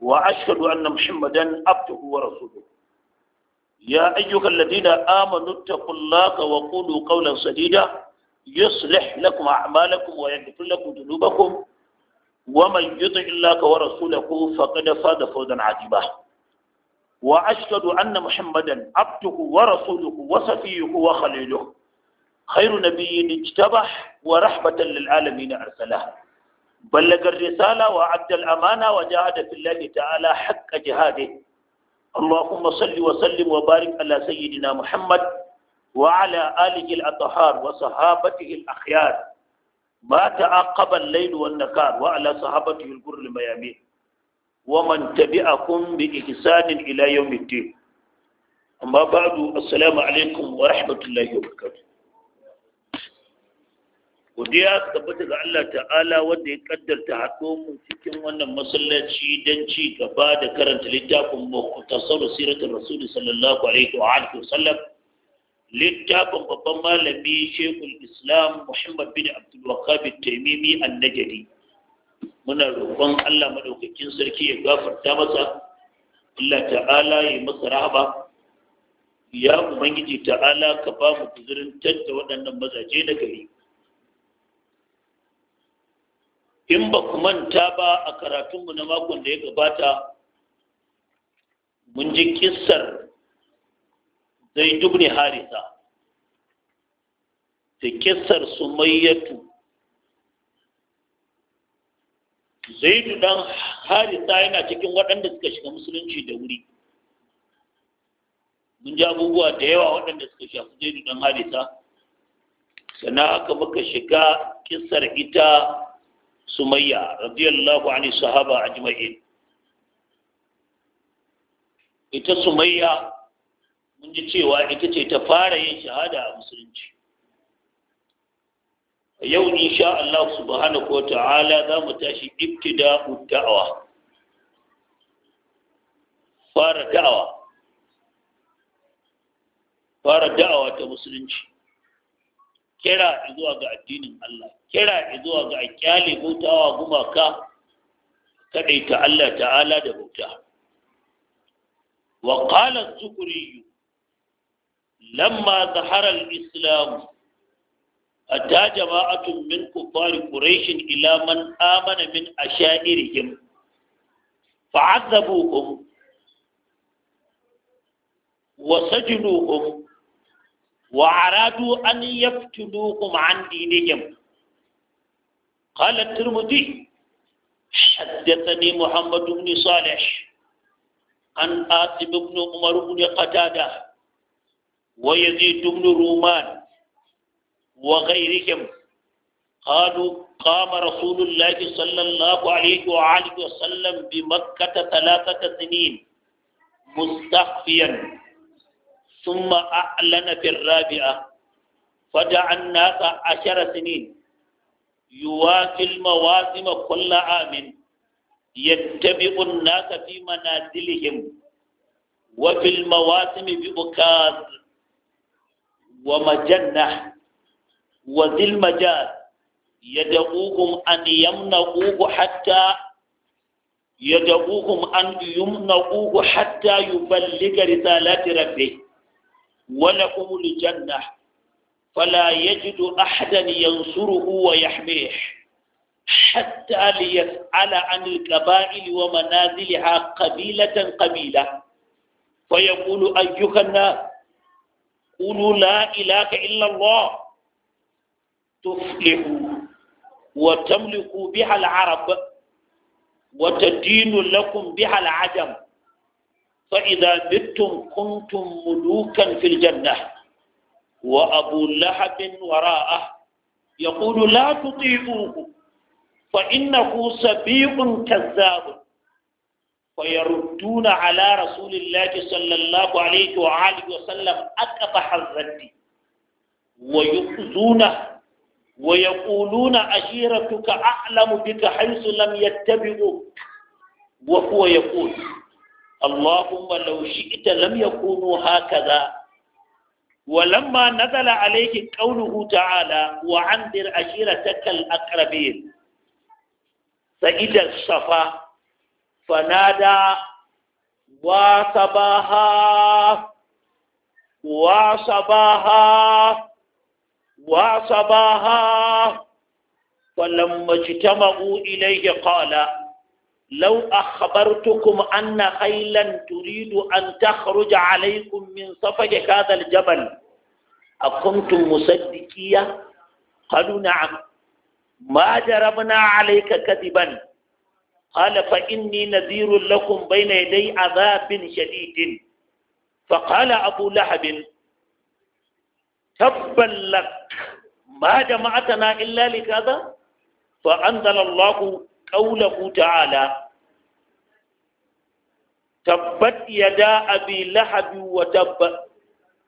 وأشهد أن محمدا عبده ورسوله يا أيها الذين آمنوا اتقوا الله وقولوا قولا سديدا يصلح لكم أعمالكم ويغفر لكم ذنوبكم ومن يطع الله ورسوله فقد فاز فوزا عجيبا وأشهد أن محمدا عبده ورسوله وصفيه وخليله خير نبي اجتبح ورحمة للعالمين أرسله بلغ الرسالة وعد الأمانة وجاهد في الله تعالى حق جهاده اللهم صل وسلم وبارك على سيدنا محمد وعلى آله الأطهار وصحابته الأخيار ما تعقب الليل والنهار وعلى صحابته الجر الميامين ومن تبعكم بإحسان إلى يوم الدين أما بعد السلام عليكم ورحمة الله وبركاته godiya tabbata ga Allah ta'ala wanda ya kaddarta haɗo mu cikin wannan masallaci don ci gaba da karanta littafin mukhtasar siratul rasul sallallahu alaihi wa alihi wasallam littafin babban malami shekul islam muhammad bin abdul wahhab taimimi an-najdi muna roƙon Allah madaukakin sarki ya gafarta masa Allah ta'ala ya masa rahama ya ubangiji ta'ala ka ba mu guzurin tatta waɗannan mazaje na gari in ba ku manta ba a karatunmu na makon da ya gabata mun ji kissar zai dubni harisa da kissar sumayyatu zaidu dan harisa yana cikin waɗanda suka shiga musulunci da wuri mun ji abubuwa da yawa waɗanda suka shafi zaidu dan harisa sannan haka muka shiga kisar ita sumayya radiyallahu anhu sahaba ajma'in ita sumayya mun ji cewa ita ce ta fara yin shahada a musulunci yau insha Allah subhanahu wa ta'ala za mu tashi ibtida'u da'awa fara da'awa fara da'awa ta musulunci kira zuwa ga addinin Allah kira zuwa ga kyale bautawa gumaka kadaita Allah ta'ala da bauta wa qala az-zukri lamma zahara al-islam أتى جماعة من كفار قريش إلى من آمن من أشائرهم فعذبوهم وسجنوهم وأرادوا أن يفتدوكم عن دينهم قال الترمذي حدثني محمد بن صالح عن آثم بن عمر بن قتادة ويزيد بن رومان وغيرهم قالوا قام رسول الله صلى الله عليه وآله وسلم بمكة ثلاثة سنين مستخفيا ثم أعلن في الرابعة فدعا الناس عشر سنين يواكي المواسم كل عام يتبع الناس في منازلهم وفي المواسم بأكاد ومجنة وذي المجال يدعوهم أن يمنعوه حتى يدعوهم أن يمنعوه حتى يبلغ رسالات ربه ولكم الجنة فلا يجد أحدا ينصره ويحميه حتى ليسأل عن القبائل ومنازلها قبيلة قبيلة فيقول أيها الناس قولوا لا إله إلا الله تفلحوا وتملكوا بها العرب وتدين لكم بها العجم فإذا متم كنتم ملوكا في الجنة وأبو لهب وراءه يقول لا تطيعوه فإنه سبيق كذاب فيردون على رسول الله صلى الله عليه وآله وسلم أقبح الرد ويؤذونه ويقولون عشيرتك أعلم بك حيث لم يتبعوك وهو يقول اللهم لو شئت لم يكونوا هكذا ولما نزل عليه قوله تعالى وعنذر عشيرتك الأقربين سيد الصفا فنادى وصباها وصباها وصباها فلما اجتمعوا إليه قال لو أخبرتكم أن خيلا تريد أن تخرج عليكم من صفج هذا الجبل أكنتم مصدقية قالوا نعم ما جربنا عليك كذبا قال فإني نذير لكم بين يدي عذاب شديد فقال أبو لهب تبا لك ما جمعتنا إلا لكذا فأنزل الله ƙaunahu ta'ala tabbat yada abi lahabi wa tabba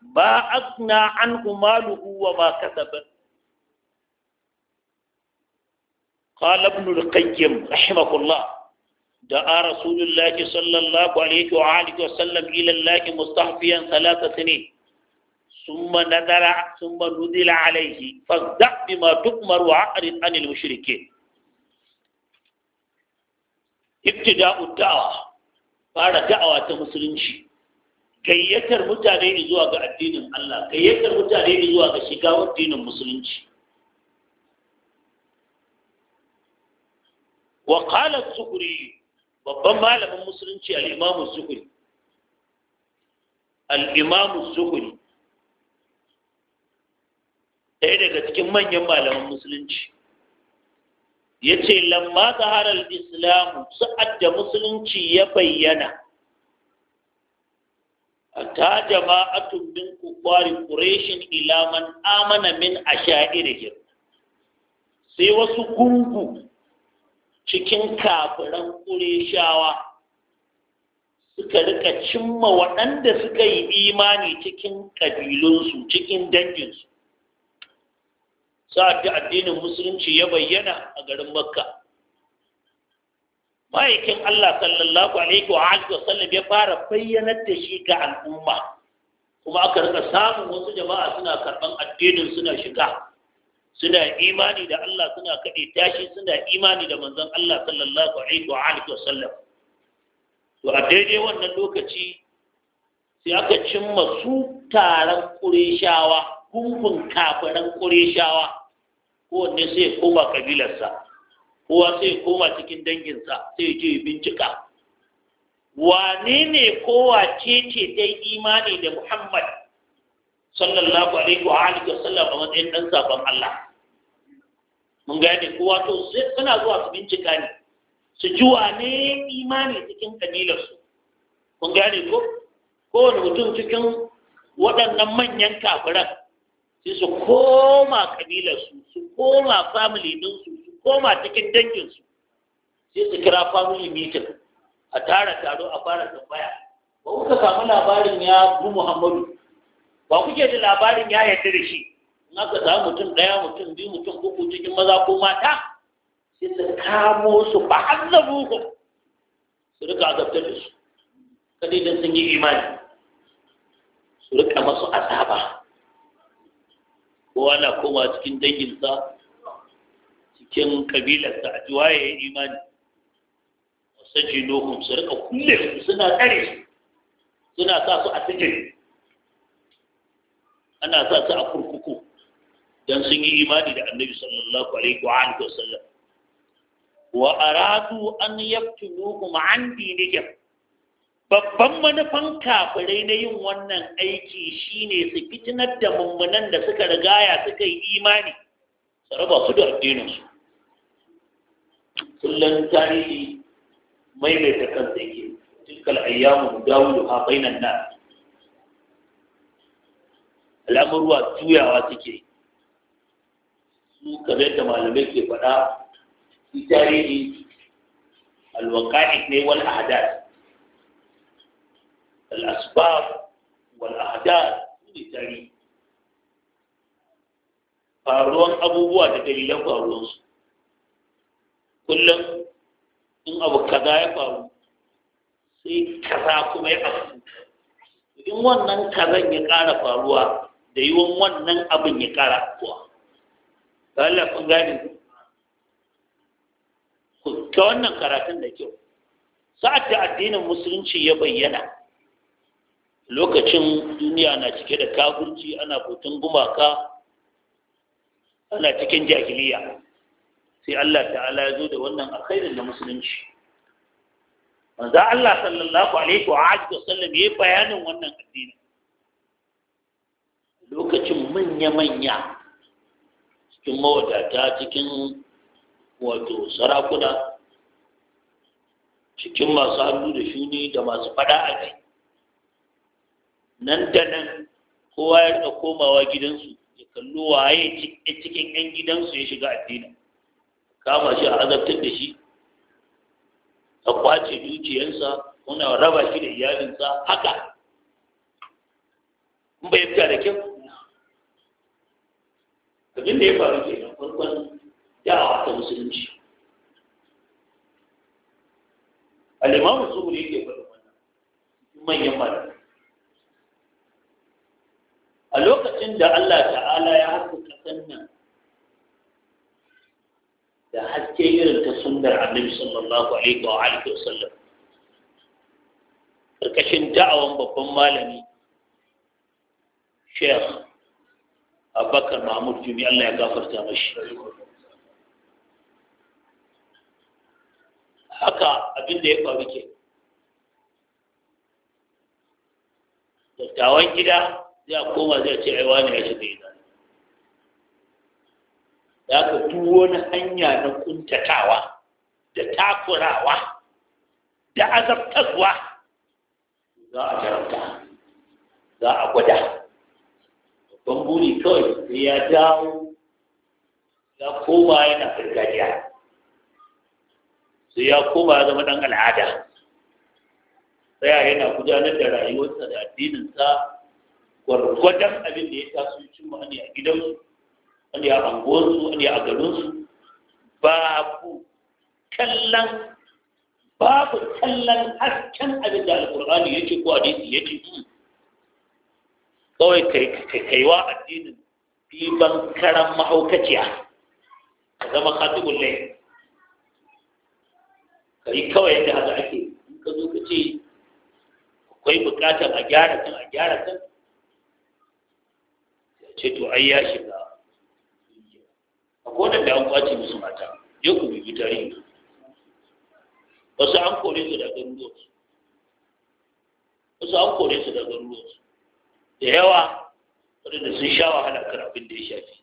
ba asna an maluhu wa ma kasaba قال ابن القيم رحمه الله دعا رسول الله صلى الله عليه وآله وسلم إلى الله مستحفيا ثلاث سنين ثم نذر ثم نذل عليه فاصدع بما تؤمر وعقل عن المشركين ibtida'u da'wa fara da'awa ta musulunci gayyatar mutane zuwa ga addinin Allah gayyatar mutane zuwa ga shiga addinin musulunci wa qala zuhri babban malamin musulunci al-imam zuhri al-imam zuhri ɗaya daga cikin manyan malaman musulunci ya ce lamma ta harar islamu sa'ad da musulunci ya bayyana ta jama'atun min kukwari ƙureshin ilaman amana min a sha'irihim sai wasu gungu cikin kafiran ƙureshawa suka rika cimma waɗanda suka yi imani cikin ƙabilunsu cikin danginsu sa'ad da addinin musulunci ya bayyana a garin makka ma'aikin allah sallallahu alaihi wa alihi wasallam ya fara bayyanar da shi ga al'umma kuma aka rika samun wasu jama'a suna karɓan addinin suna shiga suna imani da allah suna kaɗe tashi suna imani da manzon allah sallallahu alaihi wa alihi wasallam to a daidai wannan lokaci sai aka cimma su taron ƙureshawa gungun kafiran ƙureshawa kowanne sai ya koma kabilarsa kowa sai ya koma cikin danginsa sai ya je ya bincika wane ne kowa ce ce dai imani da muhammad sallallahu alaihi wa alihi wa sallam a matsayin dan sabon Allah mun gane kowa to suna zuwa su bincika ne su ji wane imani cikin kabilarsu kun gane ko kowane mutum cikin waɗannan manyan kafiran sai su koma kabilarsu su koma family ɗinsu su koma cikin danginsu sai su kira family meeting a tara taro a fara tambaya ba kuka samu labarin ya bu muhammadu ba kuke da labarin ya yadda da shi in aka samu mutum ɗaya mutum biyu mutum uku cikin maza ko mata sai su kamo su ba hazzabu ku su rika azabtar da su kadai don sun yi imani su rika masu azaba kowa na koma cikin danginsa cikin kabilarsa a ji waye imani wasu nohun su rika kulle suna tsare suna sa su a cikin ana sa su a kurkuku don sun yi imani da annabi sallallahu alaihi wa alihi wasallam wa aradu an yaftinuhum an dinihim babban manufan kafirai na yin wannan aiki shine su fitinar da mummunan da suka rigaya suka yi imani su raba su da addininsu kullum tarihi maimaita kan yake cikin ayyamu dawulu a bainan nan." al'amurwa juyawa suke su kamar yadda malamai ke faɗa su tarihi alwaqa'i ne wal hadari. al'asbab wal'ada ne tari faruwan abubuwa da dalilan faruwansu kullum in abu kaza ya faru sai kaza kuma ya wannan kaza ya ƙara faruwa da yiwon wannan abin ya ƙara kuwa Allah kun gane ta wannan karatun da kyau sa'ad da addinin musulunci ya bayyana lokacin duniya na cike da kagunci ana kutun gumaka ana cikin jahiliya sai Allah ta'ala ya zo da wannan alkhairin da musulunci manzo Allah sallallahu alaihi wa alihi wasallam yayi bayanin wannan addini lokacin manya manya cikin mawadata cikin wato sarakuna cikin masu hannu da shuni da masu fada a kai nan da nan kowa ya rika komawa gidansu ya kallo waye cikin 'yan gidansu ya shiga addini kama shi a azabtar da shi a kwace dukiyarsa kuna raba shi da iyalinsa haka in bai fita da kyau abin da ya faru ke nan farkon dawa ta musulunci alimamu zuhuri yake faɗin wannan manyan malamai a lokacin da Allah ta'ala ya haka kasan nan da haske irin ta sundar annabi sallallahu alaihi wa alihi wasallam ƙarƙashin da'awan babban malami Sheikh Abubakar Mahmud Jumi Allah ya gafarta mashi haka abin da ya faru ke dattawan gida sai a koma zai ce ai wani ya shiga idan da aka duk wani hanya na kuntatawa da takurawa da azabtarwa za a jarabta za a gwada babban buri kawai sai ya dawo ya koma yana gargajiya sai ya koma ya zama ɗan al'ada sai yana gudanar da rayuwarsa da addininsa gwargwadon abin da ya taso cin wani a gidansu wani a anguwarsu wani a garinsu babu kallon babu kallon hasken abin da alkur'ani ya ce ko hadisi ya ce kawai kaiwa addinin fiban karan mahaukaciya ka zama katibun lai ka yi kawai yadda haka ake in ka zo ka ce akwai bukatar a gyara kan a gyara kan ce to ai ya shiga akwai wadanda an kwace musu mata je ku bibi tarihi wasu an kore su da garuruwarsu wasu an kore su da da yawa waɗanda sun sha wahala kan abin da ya shafi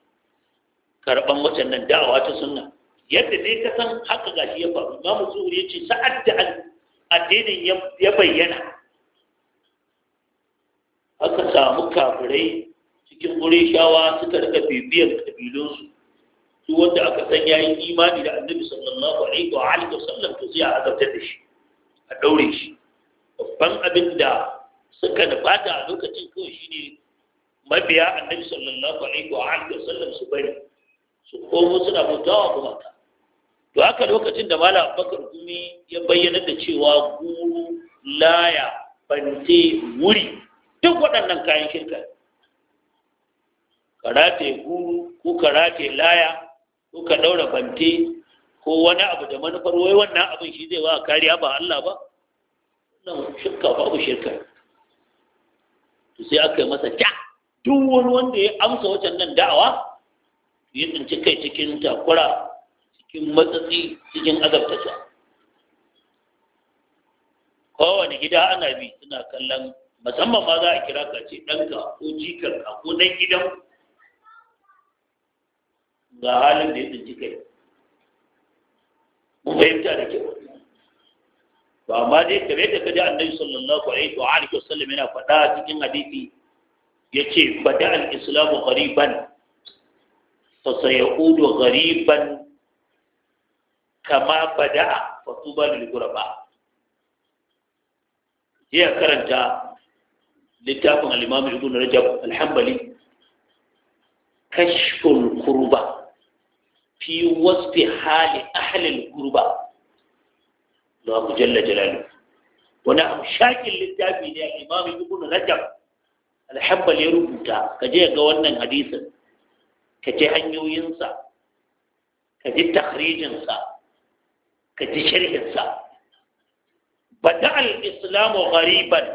karɓan nan da'awa ta sunna yadda dai ka san haka gashi ya faru mu zuhur ya ce sa'ad da addinin ya bayyana aka samu kafirai cikin ƙureshawa suka rika bibiyar ƙabilunsu su wanda aka san ya yi imani da annabi sallallahu alaihi wa alihi wa sallam to sai a azabtar da shi a ɗaure shi babban abin da suka nufata a lokacin kawai shine mabiya annabi sallallahu alaihi wa alihi wa sallam su bari su komo suna bautawa gumaka to haka lokacin da malam abubakar gumi ya bayyana da cewa guru laya bante wuri duk waɗannan kayan shirka ka rataye guru ko ka rataye laya ko ka ɗaura fante, ko wani abu da manufar wai wannan abin shi zai wa kariya ba Allah ba nan shirka abu shirka to sai aka yi masa ja duk wani wanda ya amsa wacan nan da'awa ya tsinci kai cikin takura cikin matsatsi cikin azabtasa kowane gida ana bi suna kallon musamman ma za a kira ka ce ɗanka ko jikarka ko ɗan gidan ga halin da ya tsinci kai mun fahimta da kyau to amma dai kare da kaji annabi sallallahu alaihi wa alihi wasallam yana faɗa cikin hadisi yace bada al-islamu qariban fa sayaudu ghariban kama bada fa tuba lil ghuraba ya karanta littafin al-imam ibn rajab al-hanbali kashful kurba fi wasfi hali ahlil gurba na ku jalla jalalu wani shakin littafi ne a imamu ibn rajab alhambal ya rubuta ka je ga wannan hadisin ka ji hanyoyinsa ka ji takhrijinsa ka ji sharhinsa bada al-islamu ghariban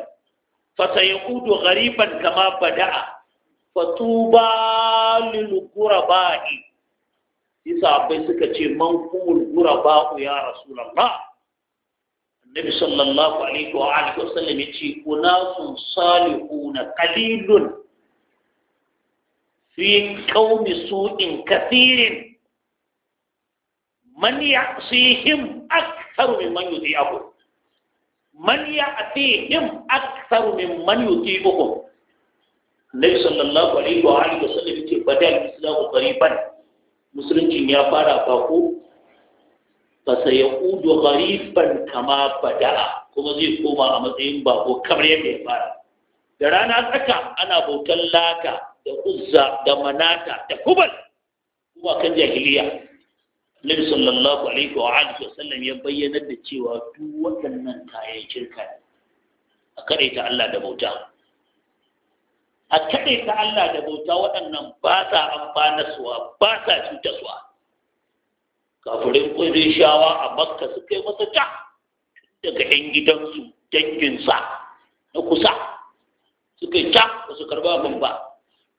fa sayudu ghariban kama bada'a fa tuba lil ghurabai sai sahabbai suka ce man kumul ku ya rasulallah? annabi sallallahu alaihi wa alihi wa sallam ya ce unasun salihuna qalilun fi qaumi su'in kathirin man ya'sihim aktharu mimman yuti'ahum man ya'tihim aktharu mimman yuti'uhum annabi sallallahu alaihi wa alihi wa sallam ya ce badal islamu qariban musuluncin ya fara bako ya sayaudu gharifan kama bada'a kuma zai koma a matsayin bako kamar yadda ya fara da rana tsaka ana bautan laka da uzza da manata da kubal kuma kan jahiliya Nabi sallallahu alaihi wa alihi wasallam ya bayyana da cewa duk waɗannan kayan shirka a kare ta Allah da bauta a kaɗe ta Allah da bauta waɗannan ba sa amfanarsuwa ba sa cutarsuwa kafirin ƙudin shawa a makka su yi masa ta daga ɗan gidansu danginsa na kusa su kai ta ba su karba abin ba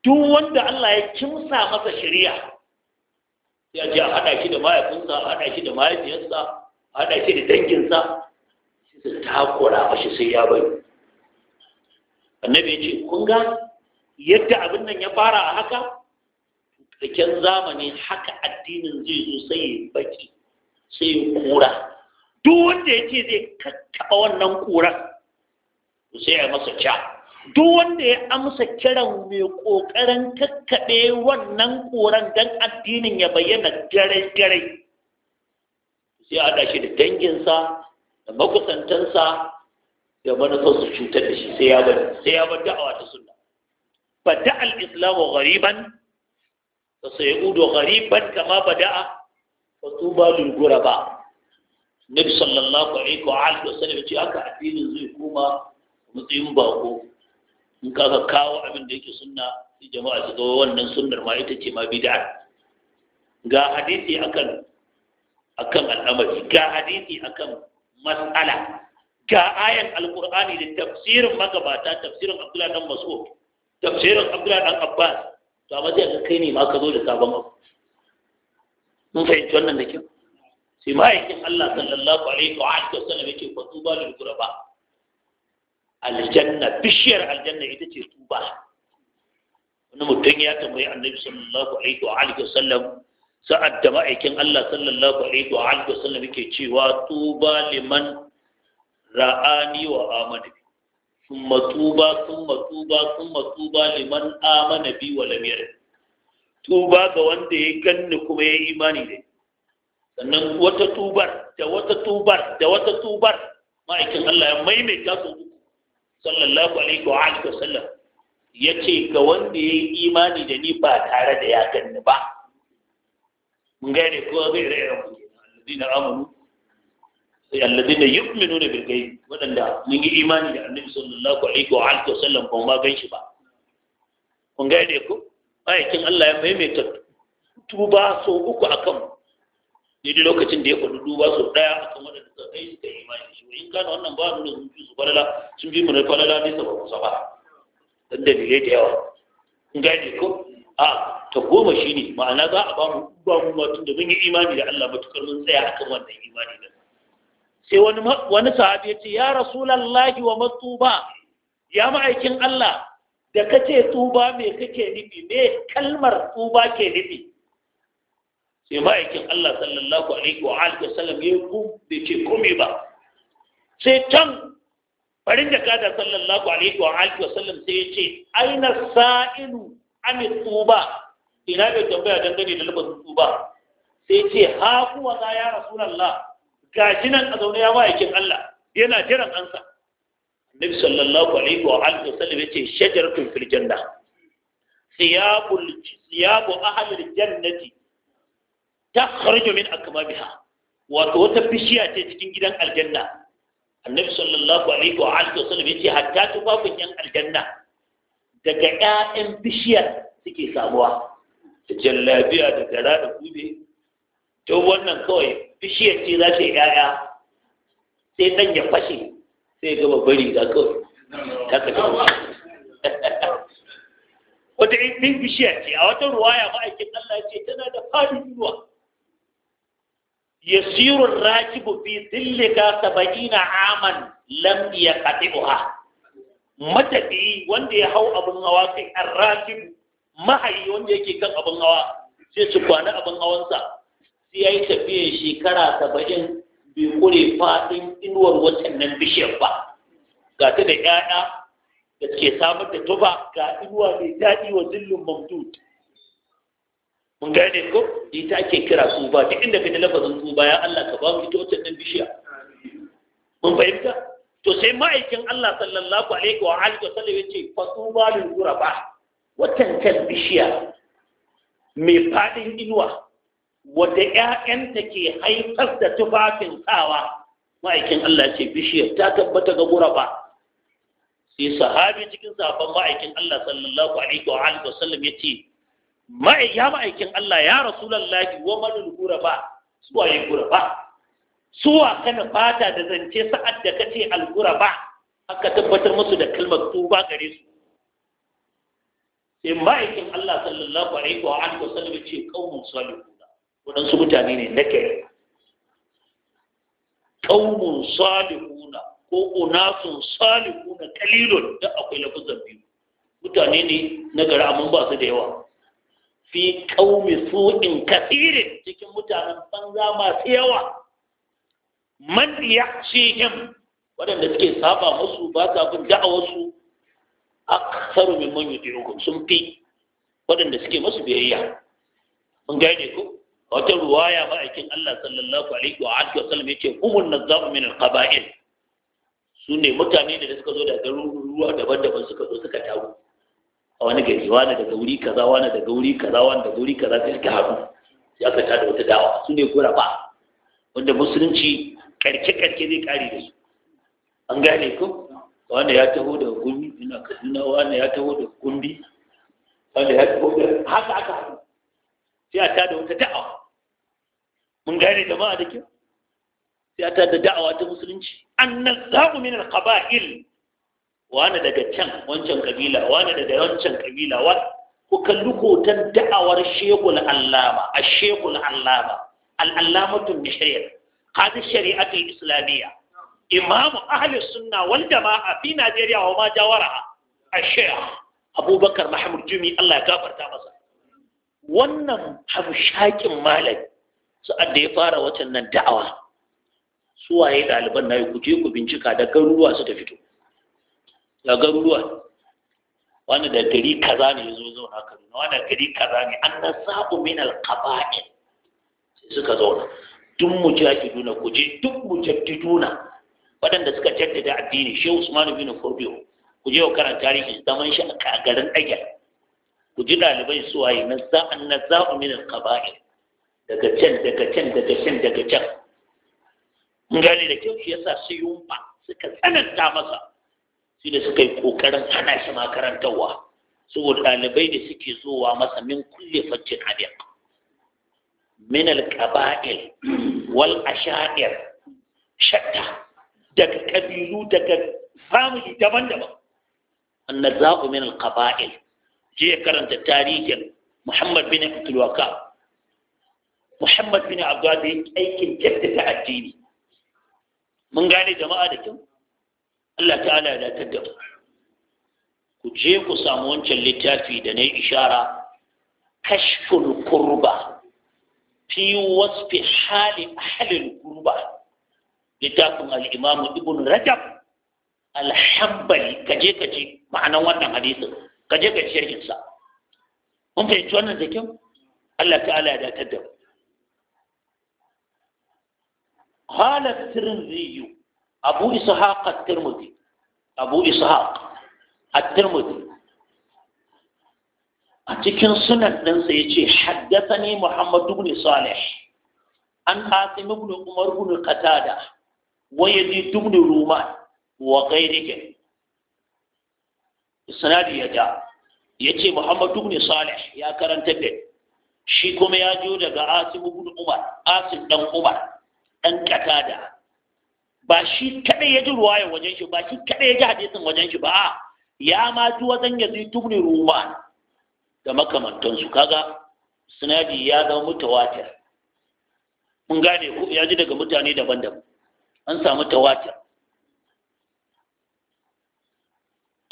duk wanda Allah ya kimsa masa shari'a ya ji a haɗa shi da mahaifinsa a haɗa shi da mahaifiyarsa a haɗa shi da danginsa sai su takura mashi sai ya bai annabi ya ce kun ga yadda abin nan ya fara a haka cikin zamani haka addinin zai zo sai ya baki sai ya kura duk wanda ya ce zai kakkaba wannan kuran sai ya masa kya duk wanda ya amsa kiran mai ƙoƙarin kakkaɓe wannan kuran don addinin ya bayyana gare-gare sai a dashi shi da danginsa da makusantansa da manufar su cutar da shi sai ya sai ya bar da'awa ta sunna بدا al-islamu فسيعود غريبا كما بدا kama bada'a fa صلى الله عليه nabi sallallahu alaihi wa alihi زي ya ce haka addinin zai koma matsayin bako in ka ka kawo abin da yake sunna sai jama'a wannan sunnar ma ita ce ma bid'a ga hadisi akan akan al'amari ga hadisi akan mas'ala ga ayan alqur'ani da tafsirin magabata tafsirin abdullahi dan mas'ud tafsirin abdullahi dan abbas to amma zai ga kai ne ma ka zo da sabon abu mun fahimci wannan da kyau sai ma'aikin allah sallallahu alaihi wa alihi wasallam yake fa tuba lil ghuraba aljanna bishiyar aljanna ita ce tuba wani mutum ya tambayi annabi sallallahu alaihi wa alihi wasallam sa'ad da ma'aikin Allah sallallahu alaihi wa alihi wasallam yake cewa tuba liman ra'ani wa amana ثم توبى ثم توبى ثم توبى لمن آمن بي ولم يرد توبى ga wanda ya ganni kuma ya imani ne sannan wata tubar da wata tubar da wata tubar ma'aikin Allah ya maimaita su uku sallallahu alaihi wa alihi wasallam yace ga wanda ya yi imani da ni ba tare da ya ganni ba mun gane ko ga ire-iren mu amanu alladina yu'minuna bil ghaib wadanda mun yi imani da annabi sallallahu alaihi wa alihi sallam ba ma ganshi ba kun ga ne ku ayakin Allah ya maimaita tuba so uku akan ne da lokacin da ya faɗi duba so daya akan wadanda suka kai suka imani shi in kana wannan ba nuna sun fi su falala sun fi mu na falala ne saboda kusa ba dan ne da yawa kun ga ne ku a ta goma shine ma'ana za a ba mu ba mu ma da mun yi imani da Allah mutukar mun tsaya akan wannan imani da sai wani wani sahabi ya ce ya rasulullahi wa matuba ya ma'aikin Allah da kace tuba me kake nufi me kalmar tuba ke nufi sai ma'aikin Allah sallallahu alaihi wa alihi wasallam ya ku da ce komai ba sai can farin da kada sallallahu alaihi wa alihi wasallam sai ya ce aina sa'ilu an tuba ina da tambaya dangane da lafazin tuba sai ce ha kuwa ya rasulullah gashi nan a zaune ya ma'aikin Allah yana jiran ansa annabi sallallahu alaihi wa alihi wasallam yace shajaratun fil janna thiyabul thiyabu ahli jannati takhruju min akmabiha wato wata bishiya ce cikin gidan aljanna annabi sallallahu alaihi wa alihi wasallam yace hatta tufafin yan aljanna daga ƴaƴan bishiyar suke samuwa da jallabiya da gara da gube to wannan kawai bishiyar ce za ta yi ƴaƴa sai ɗan ya fashe sai gaba bari ga kawai ta ka tafi wata ɗin bishiya ce a wata ruwaya ma'aikin Allah ce tana da faɗin ruwa يسير الراكب في aman سبعين ya kaɗi يقطعها matafiyi wanda ya hau abin hawa sai arrakib mahayi wanda yake kan abin hawa sai su kwana abin hawansa sai ya yi tafiyar shekara saba'in bai kure faɗin inuwar watan nan bishiyar ba ga ta da ƴaƴa da ke samar da tuba ga inuwa mai daɗi wa zillin mamdud mun gane ko ita ake kira ba duk inda ka ji lafazin tsuba ya Allah ka ba mu ita wacce nan bishiya mun fahimta to sai ma'aikin Allah sallallahu alaihi wa alihi wasallam yace fa tsuba lil ba watan kan bishiya mai fadin inuwa wadda ‘ya'yanta ke haifar da tufafin tsawa, ma'aikin Allah ce bishiyar ta tabbata ga ba. sai sahabi cikin sabon ma'aikin Allah sallallahu alaihi wa alihi wasallam ya ce ya ma'aikin Allah ya rasulallahi wa gura ba suwa gura ba suwa kana fata da zance sa'ad da kace al ba aka tabbatar musu da kalmar tuba gare su sai ma'aikin Allah sallallahu alaihi wa alihi wasallam ya ce qaumun salihu waɗansu mutane ne na gari ƙaunin salihuna ko unasun salihuna kalilun da akwai lafazan biyu mutane ne na gari amma ba su da yawa fi ƙaumi su'in kasirin cikin mutanen banza masu yawa man ya him waɗanda suke saba musu ba sa bin da'awarsu aksaru min man yuti'ukum sun fi waɗanda suke masu biyayya mun gane ku wata ruwaya ma'aikin Allah sallallahu alaihi wa alihi sallam yace umun nazzamu min alqaba'il su ne mutane da suka zo da garuruwa daban-daban suka zo suka taru a wani gari wani daga wuri kaza wani daga wuri kaza wani daga wuri kaza sai suka haɗu ya ka tada wata dawa su ne ba. wanda musulunci karke-karke zai kare da su an gane ku wanda ya taho da gumi ina kaduna wanda ya taho da gumbi wanda ya taho da haka aka haɗu sai a tada wata da'awa mun gane jama'a da kyau sai ta da da'awa ta musulunci annan zaɓu min al-qaba'il wani daga can wancan kabila wani daga wancan kabila wa ku kalli hoton da'awar shekul allama a shekul allama al'allamatun sharia hadi shari'atul islamiyya imamu ahli sunna wal jama'a fi najeriya wa ma jawara a abubakar mahmud jumi allah ya gafarta masa wannan habshakin malami sa'ad da ya fara watan nan da'awa su waye ɗaliban na yi ku je ku bincika da garuruwa su ta fito da garuruwa wani da gari kaza ne ya zo zauna kaduna wani da gari kaza ne an na sa'u min alqaba'in sai suka zauna duk duna ku je duk mujaddiduna waɗanda suka jaddada addini shehu usman bin furbiyo ku je wa karanta tarihi zaman shi a garin ɗagyar ku ji ɗalibai su waye na za'u min alqaba'in daga can daga can daga can daga can gane da kyau shi yasa su yunfa suka tsananta masa shi da suka yi kokarin hana shi makarantarwa saboda ɗalibai da suke zuwa masa min kulle faccin abin min alƙaba'il wal asha'ir shatta daga ƙabilu daga famili daban-daban annazabu min alƙaba'il je karanta tarihin muhammad bin abdul wakab muhammad bin abdullah da ya aikin jaddata addini mun gane jama'a da kyau Allah ta'ala ya datar da ku je ku samu wancan littafi da na ishara kashful kurba fi wasfi hali halin kurba littafin al-imam ibn rajab al-hanbali kaje kaje ma'anan wannan hadisin kaje kaje sharhin sa mun fahimci wannan da kyau Allah ta'ala ya datar da mu halar tirmidhi abu ishaq at-tirmidhi abu ishaq at-tirmidhi a cikin sunan ɗinsa ya ce haddasa ne muhammadu ibn salih an qasim ibn umar ibn qatada wa yazid ibn ruman wa ghayrihim sanadi ya ja ya ce muhammadu ibn salih ya karanta da shi kuma ya jo daga asim ibn umar asim umar ɗan katada ba shi kaɗai ya ji ruwayar wajen shi ba shi kaɗai ya ji hadisin wajen shi ba ya ma ji wajen ya zai tubni ruwa da makamantansu kaga sinadi ya zama mutawatir mun gane ku. ya ji daga mutane daban-daban an samu tawatir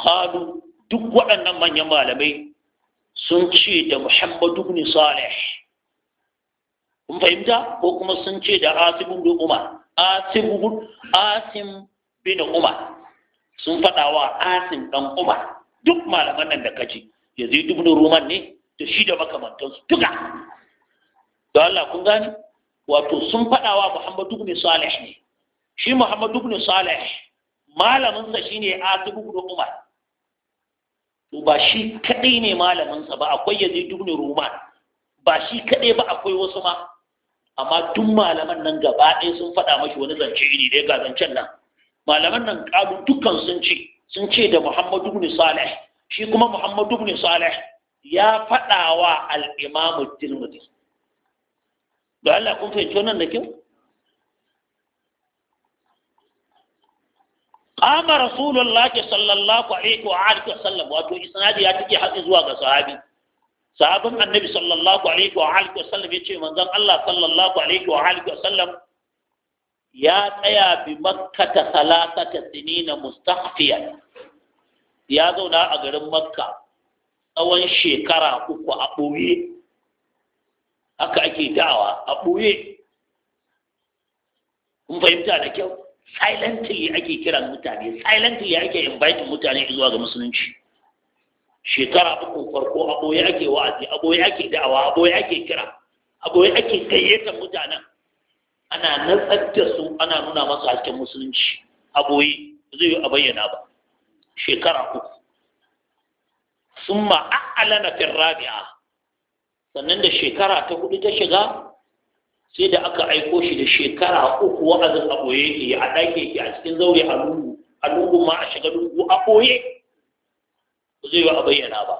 kalu duk waɗannan manyan malamai sun ce da Muhammadu ibn Salih kun fahimta ko kuma sun ce da asibu bin umar asibu asim bin umar sun faɗa wa asim ɗan umar duk malaman nan da kaji yanzu ibn ruman ne da shi da makamantansu duka da Allah kun gani wato sun faɗa wa muhammadu bin salih ne shi muhammadu bin salih malaminsa shine asibu bin umar to ba shi kaɗai ne malaminsa ba akwai duk ne ruman ba shi kaɗai ba akwai wasu ma amma duk malaman nan gaba ɗaya sun faɗa mashi wani zance iri dai ga zancen nan malaman nan ƙalu dukkan sun ce sun ce da muhammadu ibn salih shi kuma muhammadu ibn salih ya faɗa wa al'imamu tirmidhi da Allah kun fahimci wannan da kyau qama rasulullahi sallallahu alaihi wa alihi sallam wato isnadi ya take hatsi zuwa ga sahabi sahabin annabi sallallahu alaihi wa alihi wa sallam yace manzon Allah sallallahu alaihi wa alihi wa sallam ya tsaya bi makka ta salasata sinina mustahfiyan ya zauna a garin makka tsawon shekara uku a ɓoye haka ake dawa a ɓoye kun fahimta da kyau silently ake kiran mutane silently ake inviting mutane zuwa ga musulunci shekara uku farko a ake wa'azi a ake da'awa a ake kira a ake kayyata mutanen ana natsar da su ana nuna masu hasken musulunci a ɓoye zai yi a bayyana ba shekara uku sun ma'a'alana rabi'a sannan da shekara ta hudu ta shiga sai da aka aiko shi da shekara uku wa'azin a ɓoye ke a ɗake ke a cikin zaure a lungu a lungu ma a shiga lungu a ɓoye zai ba a bayyana ba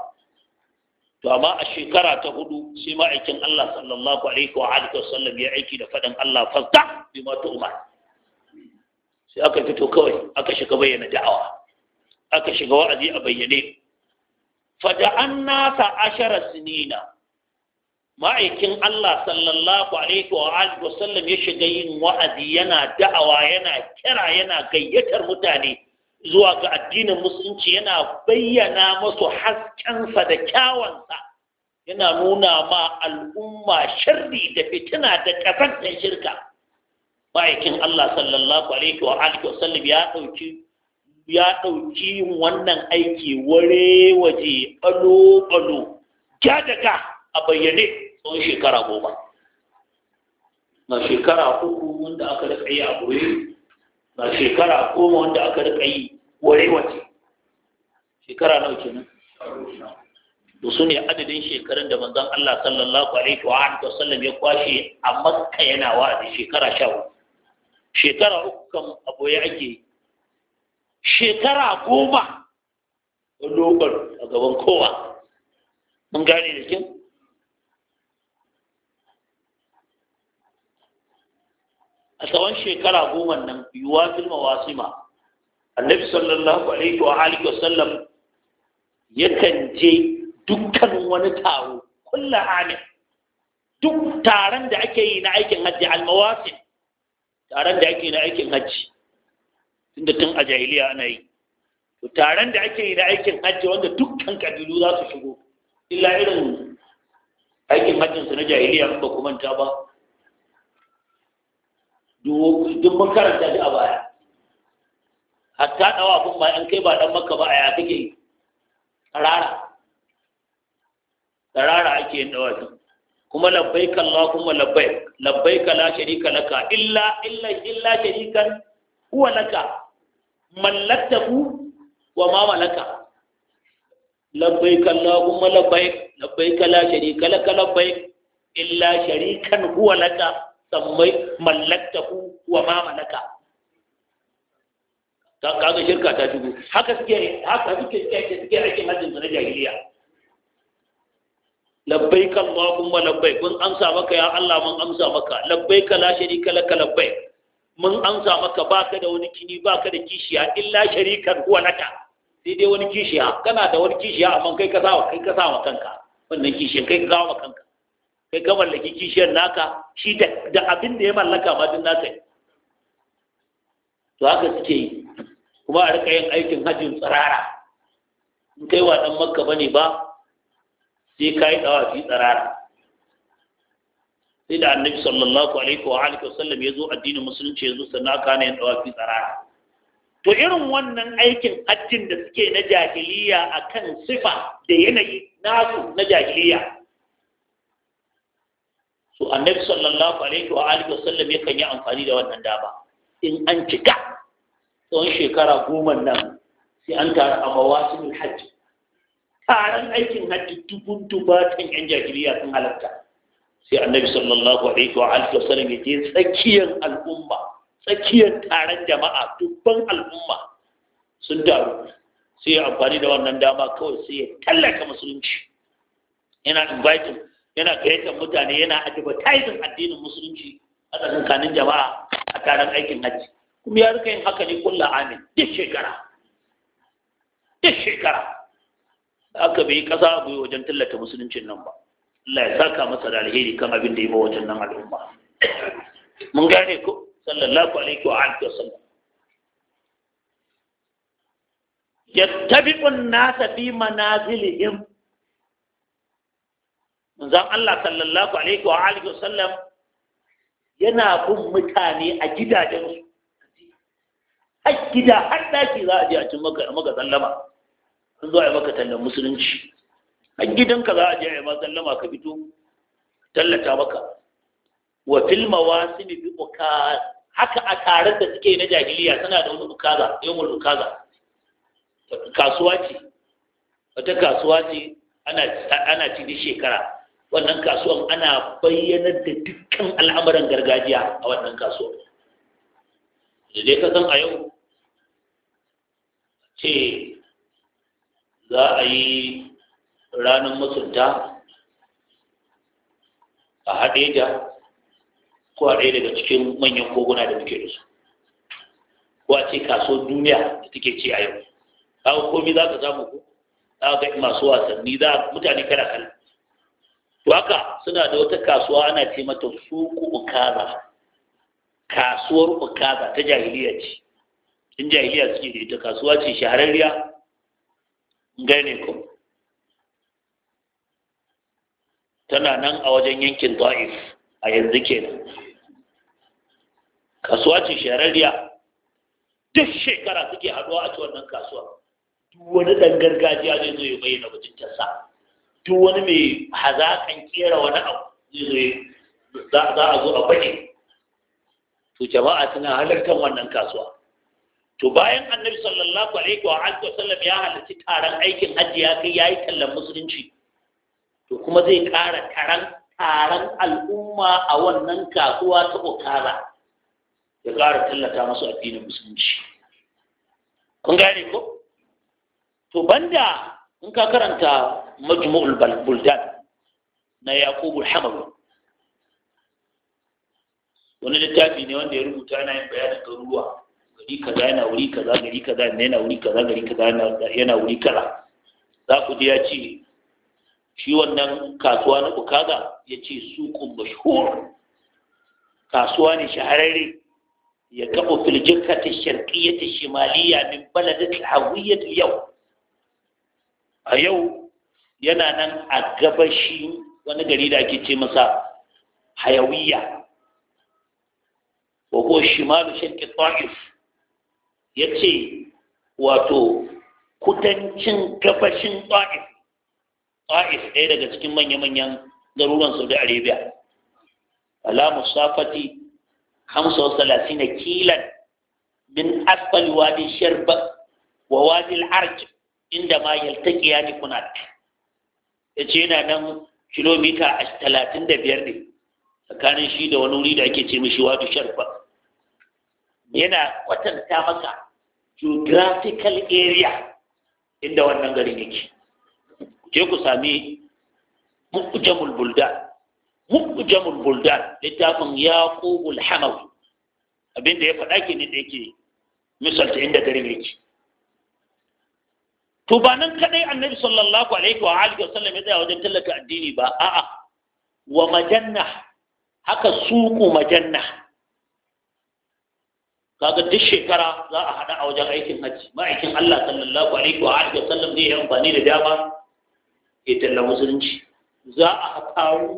to amma a shekara ta hudu sai ma'aikin Allah sallallahu alaihi wa alihi sallam ya aiki da faɗin Allah fasta ma tu'mar sai aka fito kawai aka shiga bayyana da'awa aka shiga wa'azi a bayyane fada'an nasa ashara sinina ma'aikin Allah sallallahu alaihi wa alihi sallam ya shiga yin wa'azi yana da'awa yana kira yana gayyatar mutane zuwa ga addinin musulunci yana bayyana masu haskensa da kyawansa yana nuna ma al'umma sharri da fitina da kazantar shirka ma'aikin Allah sallallahu alaihi wa alihi wa sallam ya ɗauki ya ɗauki yin wannan aiki ware waje ɓalo-ɓalo ja daga a bayyane tsawon shekara goma na shekara uku wanda aka rika yi a goye A shekara goma wanda aka rika yi wace, shekara nawa kenan da su ne adadin shekarun da manzan Allah sallallahu alaihi wa ta sallam ya kwashe a Makka yana da shekara sha shekara uku kan ya ake shekara goma wani lokar a gaban kowa mun gane da kin a tsawon shekara goma nan yiwuwa filma mawasima annabi sallallahu alaihi wa alihi wasallam yakan je dukkan wani taro kulla amin duk taron da ake yi na aikin hajji almawasin taron da ake yi na aikin hajji inda tun a jahiliya ana yi to taron da ake yi na aikin hajji wanda dukkan kabilu za su shigo illa irin aikin hajjinsu na jahiliya ba kuma ta ba duk makaranta karanta shi a baya hatta dawa kun ba an kai ba dan maka ba a ya kake rara rara ake yin dawa kuma labbaik allahumma labbaik labbaik la sharika laka illa illa illa sharikan huwa laka mallaktahu wa ma malaka labbaik allahumma labbaik labbaik la sharika laka labbaik illa sharikan huwa laka sammai mallaktahu wa ma malaka ta kaga shirka ta shigo haka suke haka suke suke suke aikin hajjin na jahiliya labbaik allahumma labbaik mun amsa maka ya Allah mun amsa maka labbaik la sharika laka labbaik mun amsa maka baka da wani kini baka da kishiya illa sharikan huwa laka sai dai wani kishiya kana da wani kishiya amma kai ka sawa kai ka sawa kanka wannan kishiyan kai ka sawa kanka kai ka mallaki kishiyar naka shi da abin da ya mallaka ma din naka to haka suke yi kuma a rika yin aikin hajjin tsirara in kai wa dan makka bane ba sai ka yi fi tsirara sai da annabi sallallahu alaihi wa alihi wasallam ya zo addinin musulunci ya zo sannan aka hana yin fi tsirara to irin wannan aikin hajjin da suke na jahiliya akan sifa da yanayi nasu na jahiliya to annabi sallallahu alaihi wa alihi wasallam kan yi amfani da wannan dama in an cika tsawon shekara goma nan sai an tara a mawasimul hajji taron aikin hajji tubun tubatan yan jahiliya sun halatta sai annabi sallallahu alaihi wa alihi wasallam ya je tsakiyar al'umma tsakiyar taron jama'a dubban al'umma sun taru sai ya amfani da wannan dama kawai sai ya tallata musulunci yana inviting yana gayyatar mutane yana advertising addinin musulunci a tsakanin jama'a a taron aikin hajji kuma ya rika yin haka ne kulla amin duk shekara duk shekara aka bai kasa abu wajen tallata musuluncin nan ba Allah ya saka masa da alheri kan abin da ba wajen nan al'umma mun gane ko sallallahu alaihi wa alihi wasallam yattabi'u nasa fi manazilihim manzon Allah sallallahu alaihi wa alihi sallam yana bin mutane a gidajen su. har gida har daki za a je a cin maka maka sallama Sun zo a yi maka tallan musulunci a gidanka za a je a yi maka sallama ka fito tallata maka wa wa mawasim bi ukaz haka a tare da suke na jahiliya suna da wani ukaza yawon ukaza kasuwa ce wata kasuwa ce ana ci ci shekara wannan kasuwan ana bayyanar da dukkan al'amuran gargajiya a wannan kasuwan da dai kasan a yau ce za a yi ranar masunta a haɗe da ko a ɗaya daga cikin manyan koguna da muke da su ko a ce kasuwar duniya da take ce a yau kawo komi za ka samu ku? za ka ga masu wasanni za mutane kala kala to haka suna da wata kasuwa ana ce mata suku ukaza kasuwar ukaza ta jahiliya ce in jahiliya suke da ita kasuwa ce shahararriya gane ku tana nan a wajen yankin da'if a yanzu kenan kasuwa ce shahararriya duk shekara suke haɗuwa a ci wannan kasuwa duk wani ɗan gargajiya zai zo ya bayyana mutuntarsa duk wani mai hazakan kera wani abu za a zo a baje to jama'a suna halartar wannan kasuwa to bayan annabi sallallahu alaihi wa alihi wasallam ya halarci taron aikin hajji ya kai yayi tallan musulunci to kuma zai ƙara taron taron al'umma a wannan kasuwa ta okara ya ƙara tallata musu addinin musulunci kun gane ko to banda in ka karanta majmu'ul buldan na yaqubul hamawi wani littafi ne wanda ya rubuta yana yin bayanin garuruwa gari kaza yana wuri kaza gari kaza yana wuri kaza gari kaza yana wuri kaza za ku ji ya ce shi wannan kasuwa na bukaga ya ce suƙun mashhur kasuwa ne shahararre ya kafa filjinka ta sharkiyya ta shimaliya min baladatul hawiyyat yau a yau yana nan a gabashi wani gari da ake ce masa hayawiya ko ko shimalu shirki ta'if ya ce wato kudancin gabashin ta'if ta'if ɗaya daga cikin manya-manyan garuruwan saudi arabia ala musafati hamsa wasu na kilan min asfali wadi sharba wa wadi al'arj inda ma yaltaƙiya kuna kunat ya ce yana nan kilomita talatin da biyar ne tsakanin shi da wani wuri da ake ce mishi wato sharfa yana kwatanta maka geographical area inda wannan garin yake je ku sami mukujamul bulda mukujamul buldan littafin kogul hamawi abinda ya faɗa ke ne da yake misalta inda garin yake to ba nan kadai annabi sallallahu alaihi wa alihi wasallam ya tsaya wajen tallata addini ba a'a wa majanna haka suku majanna kaga duk shekara za a hada a wajen aikin hajji ma'aikin Allah sallallahu alaihi wa alihi wasallam zai yi amfani da dama ya talla musulunci za a haɗaru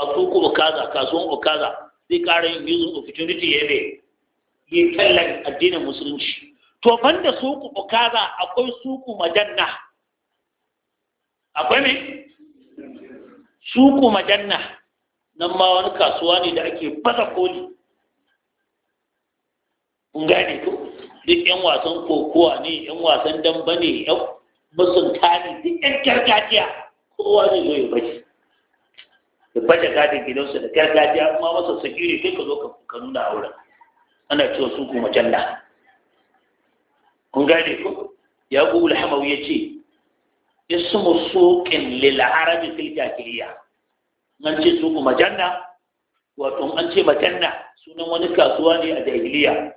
a suku ukaza kasuwan ukaza zai ƙara yin using opportunity ya ne yi tallan addinin musulunci to banda suku bukaza akwai suku majanna akwai ne suku majanna nan ma wani kasuwa ne da ake baza koli kun gane ko duk yan wasan kokowa ne yan wasan damba ne yan musun ne duk yan gargajiya kowa ne zo ya baje ya baje gadin gidansu da gargajiya kuma masa sakiri kai ka zo ka nuna a wurin ana cewa suku majanna kun gane ko ya gugul hamawi ya ce ismu suqin lil arabi fil jahiliya an ce suku majanna wato an ce majanna sunan wani kasuwa ne a jahiliya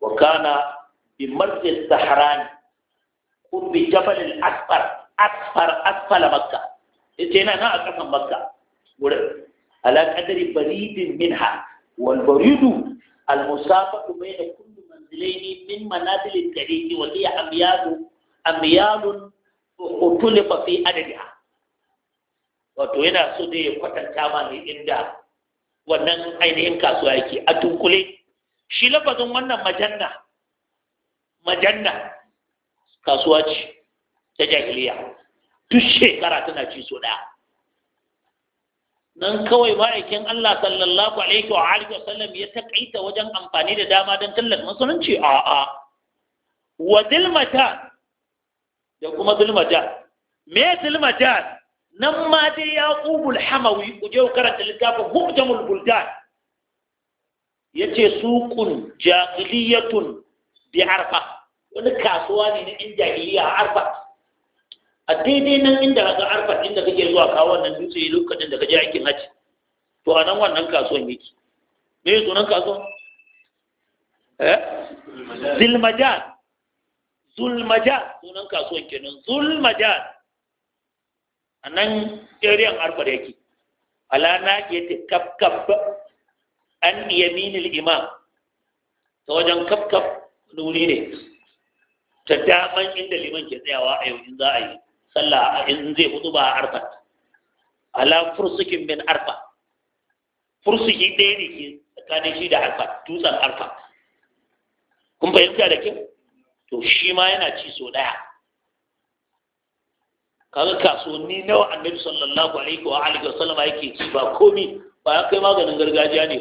wa kana bi marjis sahrani kurbi jabal al asfar asfar asfala makka yace na nan a kasan makka wurin ala qadri baridin minha wal baridu al musafatu bayna kulli منزلين من منازل الطريق وهي أميال أميال اختلف في عددها wato yana so dai ya kwatanta ne inda wannan ainihin kasuwa yake a tunkule shi lafazin wannan majanna majanna kasuwa ce ta jahiliya duk shekara tana ci so ɗaya. nan kawai ma'aikin Allah sallallahu alaihi wa alihi wasallam ya takaita wajen amfani da dama don tallata musulunci a a wa dilmata da kuma dilmata me dilmata nan ma dai ya ƙubul hamawi ku je karanta littafin hukjamul buldan yace suqun jahiliyatun bi arfa wani kasuwa ne na in jahiliya a arfa a daidai nan inda ka arfa inda kake zuwa kawo wannan dutse lokacin da ka je aikin hajji to a nan wannan kasuwan yake me yake sunan kasuwan eh zilmajan zulmajan sunan kasuwan kenan zulmajan a nan area arfa yake ala na yake kafkaf an yaminil imam ta wajen kafkaf nuri ne ta daman inda liman ke tsayawa a yau in za a yi sallah in zai hudu ba a arfa ala fursukin min arfa fursuki ɗaya ne ke tsakanin shi da arfa dutsen arfa kun fahimta da kyau to shi ma yana ci so ɗaya kaga kasuwanni nawa annabi sallallahu alaihi wa alihi wa sallama yake ci ba komi ba ya kai maganin gargajiya ne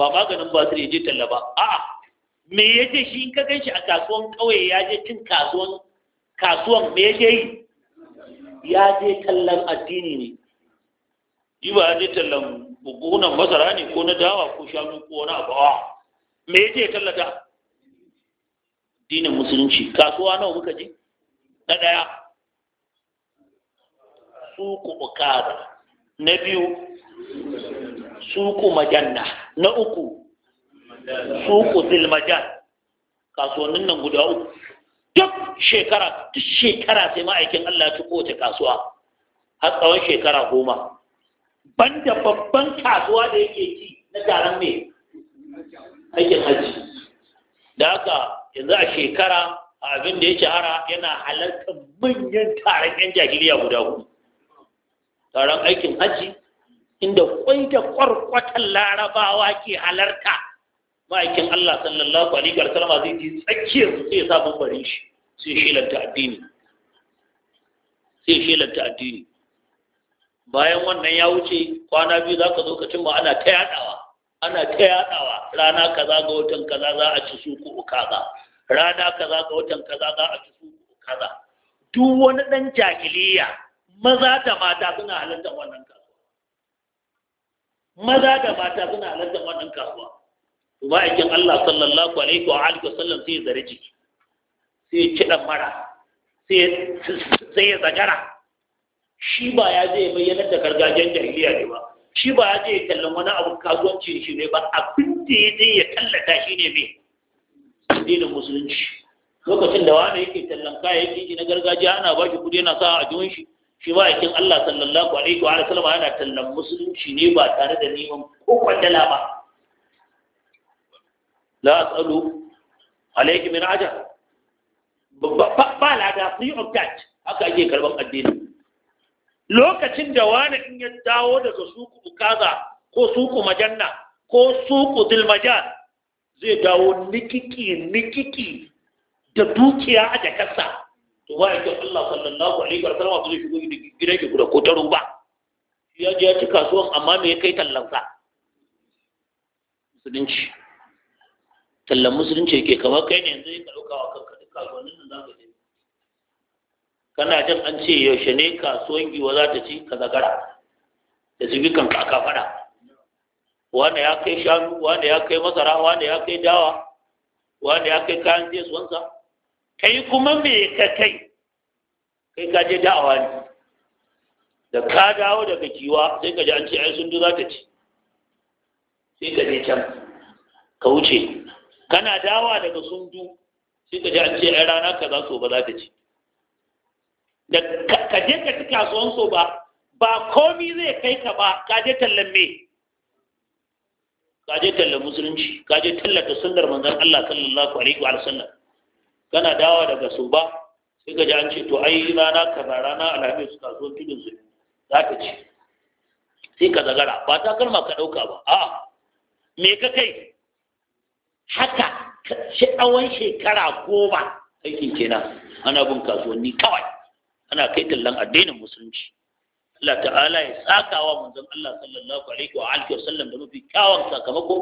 ba maganin ba ya je talla ba a'a me ya je shi in ka gan shi a kasuwan kauye ya je cin kasuwan kasuwan me ya yi ya je kallon addini ne ji ba ya je tallan bugunan masara ne ko na dawa ko shanu ko wani abu me ya je tallata dinin musulunci kasuwa nawa muka je na ɗaya suku bukara na biyu suku majanna na uku suku zilmajan kasuwannin nan guda uku duk shekara duk shekara sai ma'aikin Allah ta kowace kasuwa har tsawon shekara goma banda babban kasuwa da yake ci na taron mai aikin hajji da haka yanzu a shekara a abin da ya shahara yana halartar manyan taron yan jahiliya guda hudu taron aikin hajji inda kwai da kwarkwatan larabawa ke halarta ma'aikin Allah sallallahu alaihi wa sallam zai ji tsakiya su sai ya sa bambarin shi sai shelanta addini sai shelanta addini bayan wannan ya wuce kwana biyu za ka zo ka cimma ana ta yaɗawa ana ta yaɗawa rana kaza ga watan kaza za a ci su suku kaza rana kaza ga watan kaza za a ci su suku kaza duk wani ɗan jahiliya maza da mata suna halartar wannan kasuwa maza da mata suna halartar wannan kasuwa ma'aikin Allah sallallahu alaihi wa alihi wasallam sai ya zare jiki sai ya kiɗa mara sai ya zagara shi ba ya zai ya bayyana da gargajiyar jahiliya ne ba shi ba ya je ya kallon wani abu kasuwanci shi ne ba abin da ya zai ya tallata shi ne mai addinin musulunci lokacin da wani yake tallan kayayyaki na gargajiya ana ba shi kudi yana sa a jiwon shi shi ba aikin Allah sallallahu alaihi wa sallam yana tallan musulunci ne ba tare da neman ko kwandala ba la tsalu alaiki min ajar ba lada free of charge haka ake karban addini lokacin da wani in ya dawo daga suku Ukaza, ko suku majanna ko suku dilmajan zai dawo nikiki nikiki da dukiya a jakarsa to ba yake Allah sallallahu alaihi wa sallam zai shigo gidan ki guda ko ta ruba ya je ya ci kasuwan amma me ya kai tallansa musulunci tallan musulunci yake kamar kai ne yanzu ka ɗauka wa kanka duk kasuwannin nan za ka je kana jin an ce yaushe ne kasuwan giwa za ta ci ka zagara da su bi kanka aka faɗa? wanda ya kai shanu wanda ya kai masara wanda ya kai dawa wanda ya kai kayan jesuwansa kai kuma me ka kai kai ka je da'awa ne da ka dawo daga kiwa sai ka ji an ce ai sun za ta ci sai ka je can ka wuce kana dawa daga sundu sai ka ji an ce ai rana kaza so ba za ta ci da ka je ka ci kasuwan so ba ba komi zai kai ka ba ka je tallan me ka je tallan musulunci ka je tallata sunnar manzon Allah sallallahu alaihi wa sallam kana dawa daga so ba sai ka ji an ce to ai rana kaza rana alhamis kasuwan tudun su za ta ci sai ka zagara ba takalma ka ɗauka ba a me ka kai haka tsawon shekara goma aikin kenan ana bin kasuwanni kawai ana kai tallan addinin musulunci Allah ta'ala ya sakawa manzon Allah sallallahu alaihi wa alihi wa sallam da mafi kyawun sakamako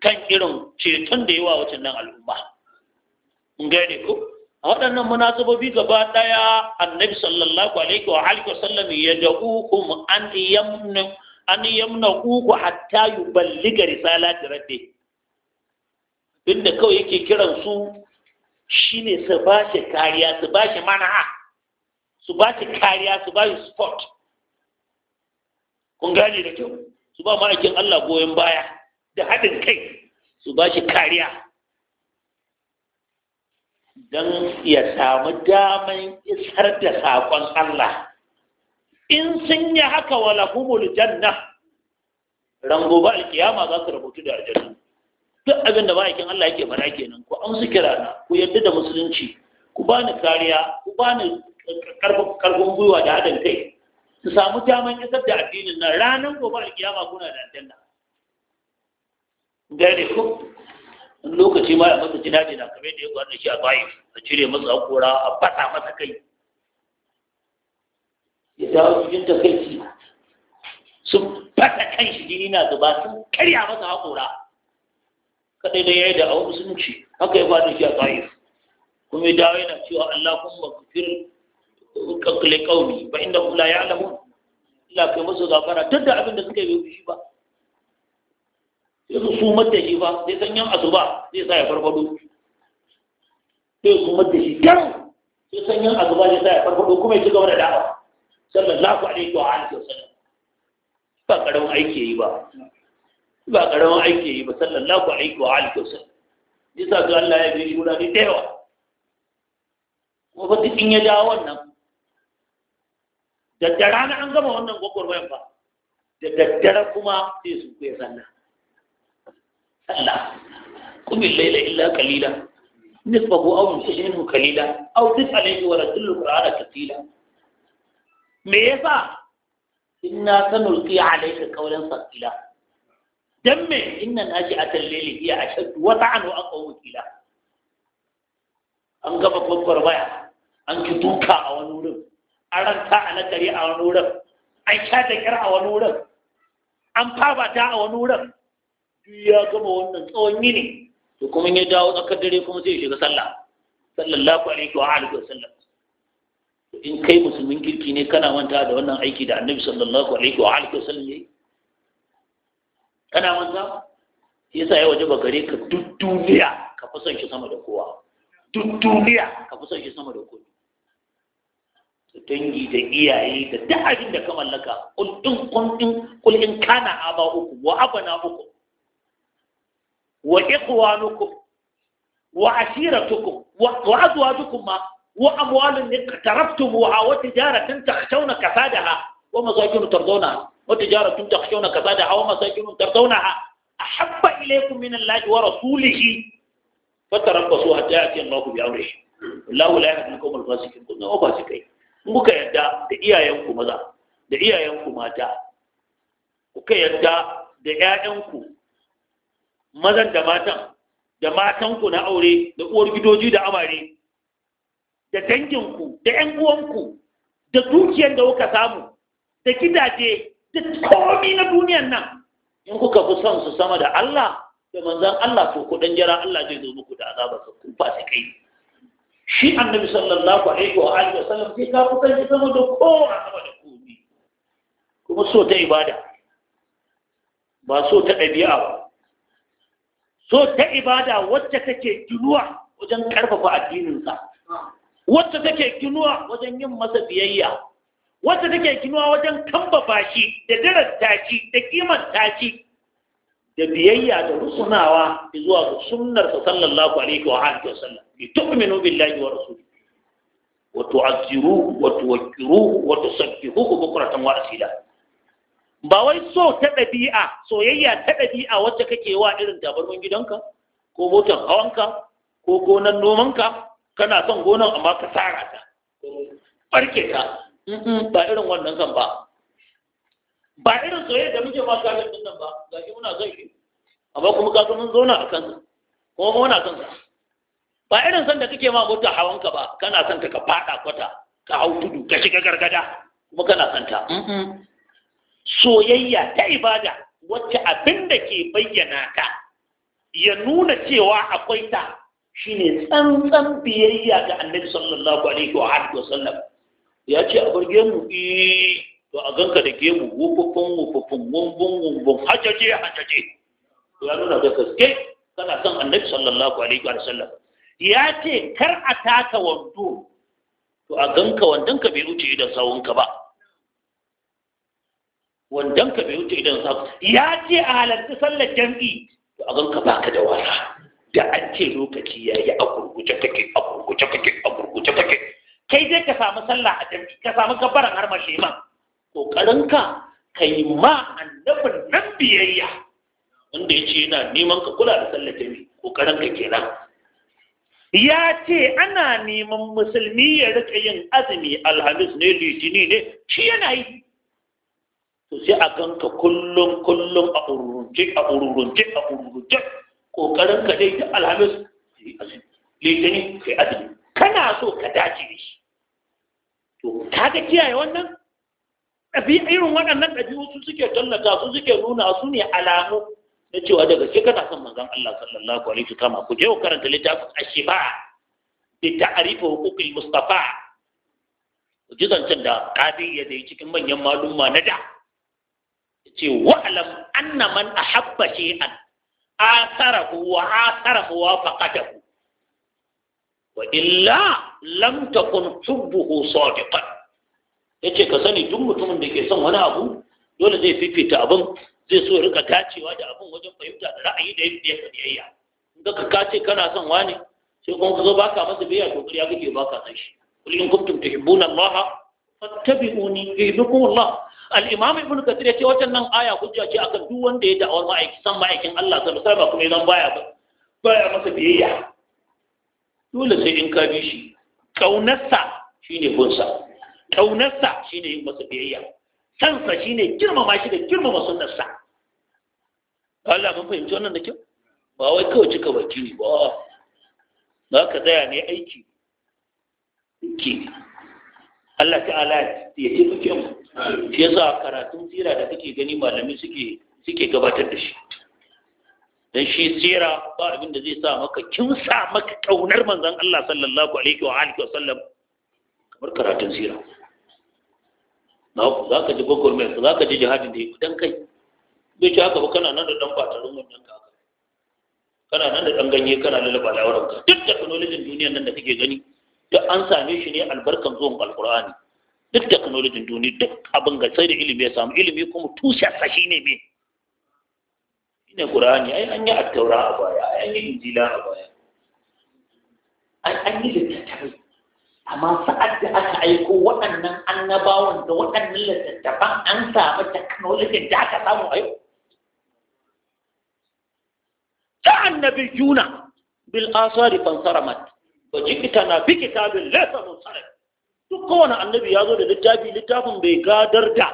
kan irin ceton da yawa wacin nan al'umma ga gane ko a waɗannan munasabobi gaba ɗaya annabi sallallahu alaihi wa alihi wa sallam ya da an yamnu an yamna uku hatta yuballiga risalati rabbi inda kawai yake kiran su shine su ba shi kariya su ba shi mana'a su ba shi kariya su ba shi sport kun gane da kyau su ba ma'aikin Allah goyon baya da haɗin kai su ba shi kariya don ya samu daman isar da saƙon Allah in sun yi haka wala humul janna rangoba alkiyama za su rubutu da aljanna duk abin da ma'aikin Allah yake fara kenan ku an kira na ku yarda da musulunci ku ni kariya ku ni karfin gwiwa da haɗin kai su samu daman isar da addinin nan ranar gobe alkiyama kuna da addinin nan gare ku lokaci ma ya masa jina na kamar da ya gwada shi a bayi a cire masa hakora a fasa masa kai ya dawo cikin takaici sun fasa kan shi jini na zuba sun karya masa hakora kaɗai da yi da a musulunci haka ya da shi a ta'if kuma ya dawo yana cewa Allah kun ku fir kakle ƙauni. ba inda kula ya alamu ila kai musu gafara duk da abin da suka yi shi ba sai su sumar da shi ba sai san yan asuba zai sa ya farfado sai su sumar da shi kyan sai san yan asuba zai sa ya farfado kuma ya ci gaba da da'awa sallallahu alaihi wa alihi wasallam ba ƙaramin aiki ya yi ba ba karamin aiki yi ba sallallahu alaihi wa alihi wasallam yasa su Allah ya bi shura da yawa ko ba duk in ya dawo wannan da na an gama wannan gwagwarmayan ba da daddara kuma sai su kuya sallah sallah قم laila illa قليلا nisbahu aw انقص منه aw tis alayhi wa rasulul qur'ana katila me yasa inna sanulqi alayka qawlan thaqila dan me inna naji'atal layli hiya ashad wa ta'anu an qawqila an gaba babbar baya an ki duka a wani wurin an ranta a nakari a wani wurin an sha da kira a wani wurin an ta a wani wurin duk ya gama wannan tsawon yini to kuma ya dawo tsakar dare kuma sai ya shiga sallah sallallahu alaihi wa alihi wa sallam in kai musulmin kirki ne kana manta da wannan aiki da annabi sallallahu alaihi wa alihi wa sallam yayi kana manta yasa ya waje gare ka duk duniya ka fi son shi sama da kowa duk duniya ka fi son shi sama da kowa dangi da iyaye da duk abin da ka mallaka kul in kun kul in kana aba uku wa abana uku wa ikhwanukum wa ashiratukum wa azwajukum ma wa amwalun iqtarabtumuha wa tijaratan takhshawna kasadaha wa masakin tardawna wa tijaratun takhshawna kasada aw masakin tardawnaha ahabba ilaykum min Allahi wa rasulihi fatarabbasu hatta ya'ti bi amrihi wallahu la yahdi kuka yadda da iyayenku maza da iyayenku mata kuka yadda da ƴaƴanku mazan da matan da matanku na aure da uwar gidoji da amare da danginku da ƴan uwanku da dukiyar da kuka samu da gidaje da komi na duniyan nan in kuka fi son su sama da Allah da manzan Allah to ku jira Allah zai zo muku da azabar sa ku ba sai kai shi annabi sallallahu alaihi wa alihi wasallam sai ka kusan shi sama da kowa sama da komi kuma so ta ibada ba so ta ɗabi'a ba so ta ibada wacce take ginuwa wajen ƙarfafa addininsa ah. wacce take ginuwa wajen yin masa biyayya wacce take kinuwa wajen kambaba shi da darasta shi da kimanta shi da biyayya da rusunawa zuwa ga sunnar sa sallallahu alaihi wa alihi sallam bi tu'minu billahi wa rasuli wa tu'ziru wa tuwakkiru wa tusabbihu bukratan wa asila ba wai so ta dabi'a soyayya ta dabi'a wacce kake wa irin tabarmin gidanka ko motar hawanka ko gonan nomanka kana son gonan amma ka sara ta barke ta ba irin wannan kan ba ba irin soyayya da muke ma ka ganin nan ba ga shi muna son shi amma kuma ka mun zauna a kansa kuma muna son ka. ba irin san da kake ma mota hawanka ba kana son ta ka fada kwata ka hau tudu ka shiga gargada kuma kana son ta soyayya ta ibada wacce abin da ke bayyana ta ya nuna cewa akwai ta shine tsantsan biyayya ga annabi sallallahu alaihi wa alihi wa sallam ya ce a bar gemu eh to a ganka da gemu wufufun wufufun wumbun wumbun hajaje hajaje to ya nuna da gaske kana son annabi sallallahu alaihi wa sallam ya ce kar a taka wando to a ganka wandonka bai wuce idan sawunka ba wandonka bai wuce idan sawunka ya ce a halarci sallar jam'i to a ganka baka da wasa da an ce lokaci ya yi a gurguje kake a gurguje kake a gurguje kake kai dai ka samu sallah a jami'i ka samu gabaran har ma. kokarin ka kai ma annabin nan biyayya wanda ya ce yana neman ka kula da sallah jami'i kokarin ka kenan ya ce ana neman musulmi ya rika yin azumi alhamis ne litini ne shi yana yi to sai a ganka kullum kullum a ururunce a ururunce a ururunce kokarin ka dai alhamis litini kai azumi kana so ka dace da shi to kaga kiyaye wannan ɗabi'a irin waɗannan ɗabi'u su suke tallata su suke nuna su ne alamu na cewa daga ke kana son manzon Allah sallallahu alaihi wa sallam ku je ku karanta littafin ashifa bi ta'rif huquqil mustafa jizancin da kafi ya dai cikin manyan malumma na da ce alam anna man ahabba shay'an asarahu wa asarahu wa faqatahu wa illa lam takun hubbuhu sadiqan yace ka sani duk mutumin da ke son wani abu dole zai fifita abin zai so rika dacewa da abin wajen fahimta da ra'ayi da yadda ya biyayya in ka kace kana son wani sai kuma ka zo baka masa biyayya to kariya kake baka san shi kul in kuntum tuhibbuna Allah fattabi'uni yuhibbukum Allah al-imam ibn kathir yace wannan nan aya hujja ce akan duk wanda ya da'awar ma'aikin san ma'aikin Allah sallallahu alaihi ba kuma idan baya baya masa biyayya dole sai in ka bi shi ƙaunarsa ne kunsa ƙaunarsa ne yin masa biyayya sansa ne girmama shi da girmama sunnarsa Allah mun fahimci wannan da kyau ba wai kawai cika baki ne ba ba ka tsaya ne aiki ki Allah ta'ala ya taimake mu shi yasa karatun tsira da kake gani malami suke suke gabatar da shi dan shi sira ba abin da zai sa maka sa maka kaunar manzon Allah sallallahu alaihi wa alihi wasallam kamar karatun sira na ku za ka ji gogor mai za ka ji jihadin da dan kai bai ci haka ba kana nan da dan fatarin wannan ka kana nan da dan ganye kana lalaba lawaran ka duk technology duniyar nan da kake gani duk an same shi ne albarkan zuwan alqur'ani duk technology duniya duk abin ga sai da ilimi ya samu ilimi kuma tushen sashi ne me ne qur'ani ai an yi attaura a baya ai an yi injila a baya ai an yi littattafai amma sa'ad da aka aiko waɗannan annabawan da waɗannan littattafan an samu technology da aka samu a yau ta annabi juna bil asari fansaramat wa jikitana bi kitabin laysa munsarim duk kowane annabi ya zo da littafi littafin bai gadar da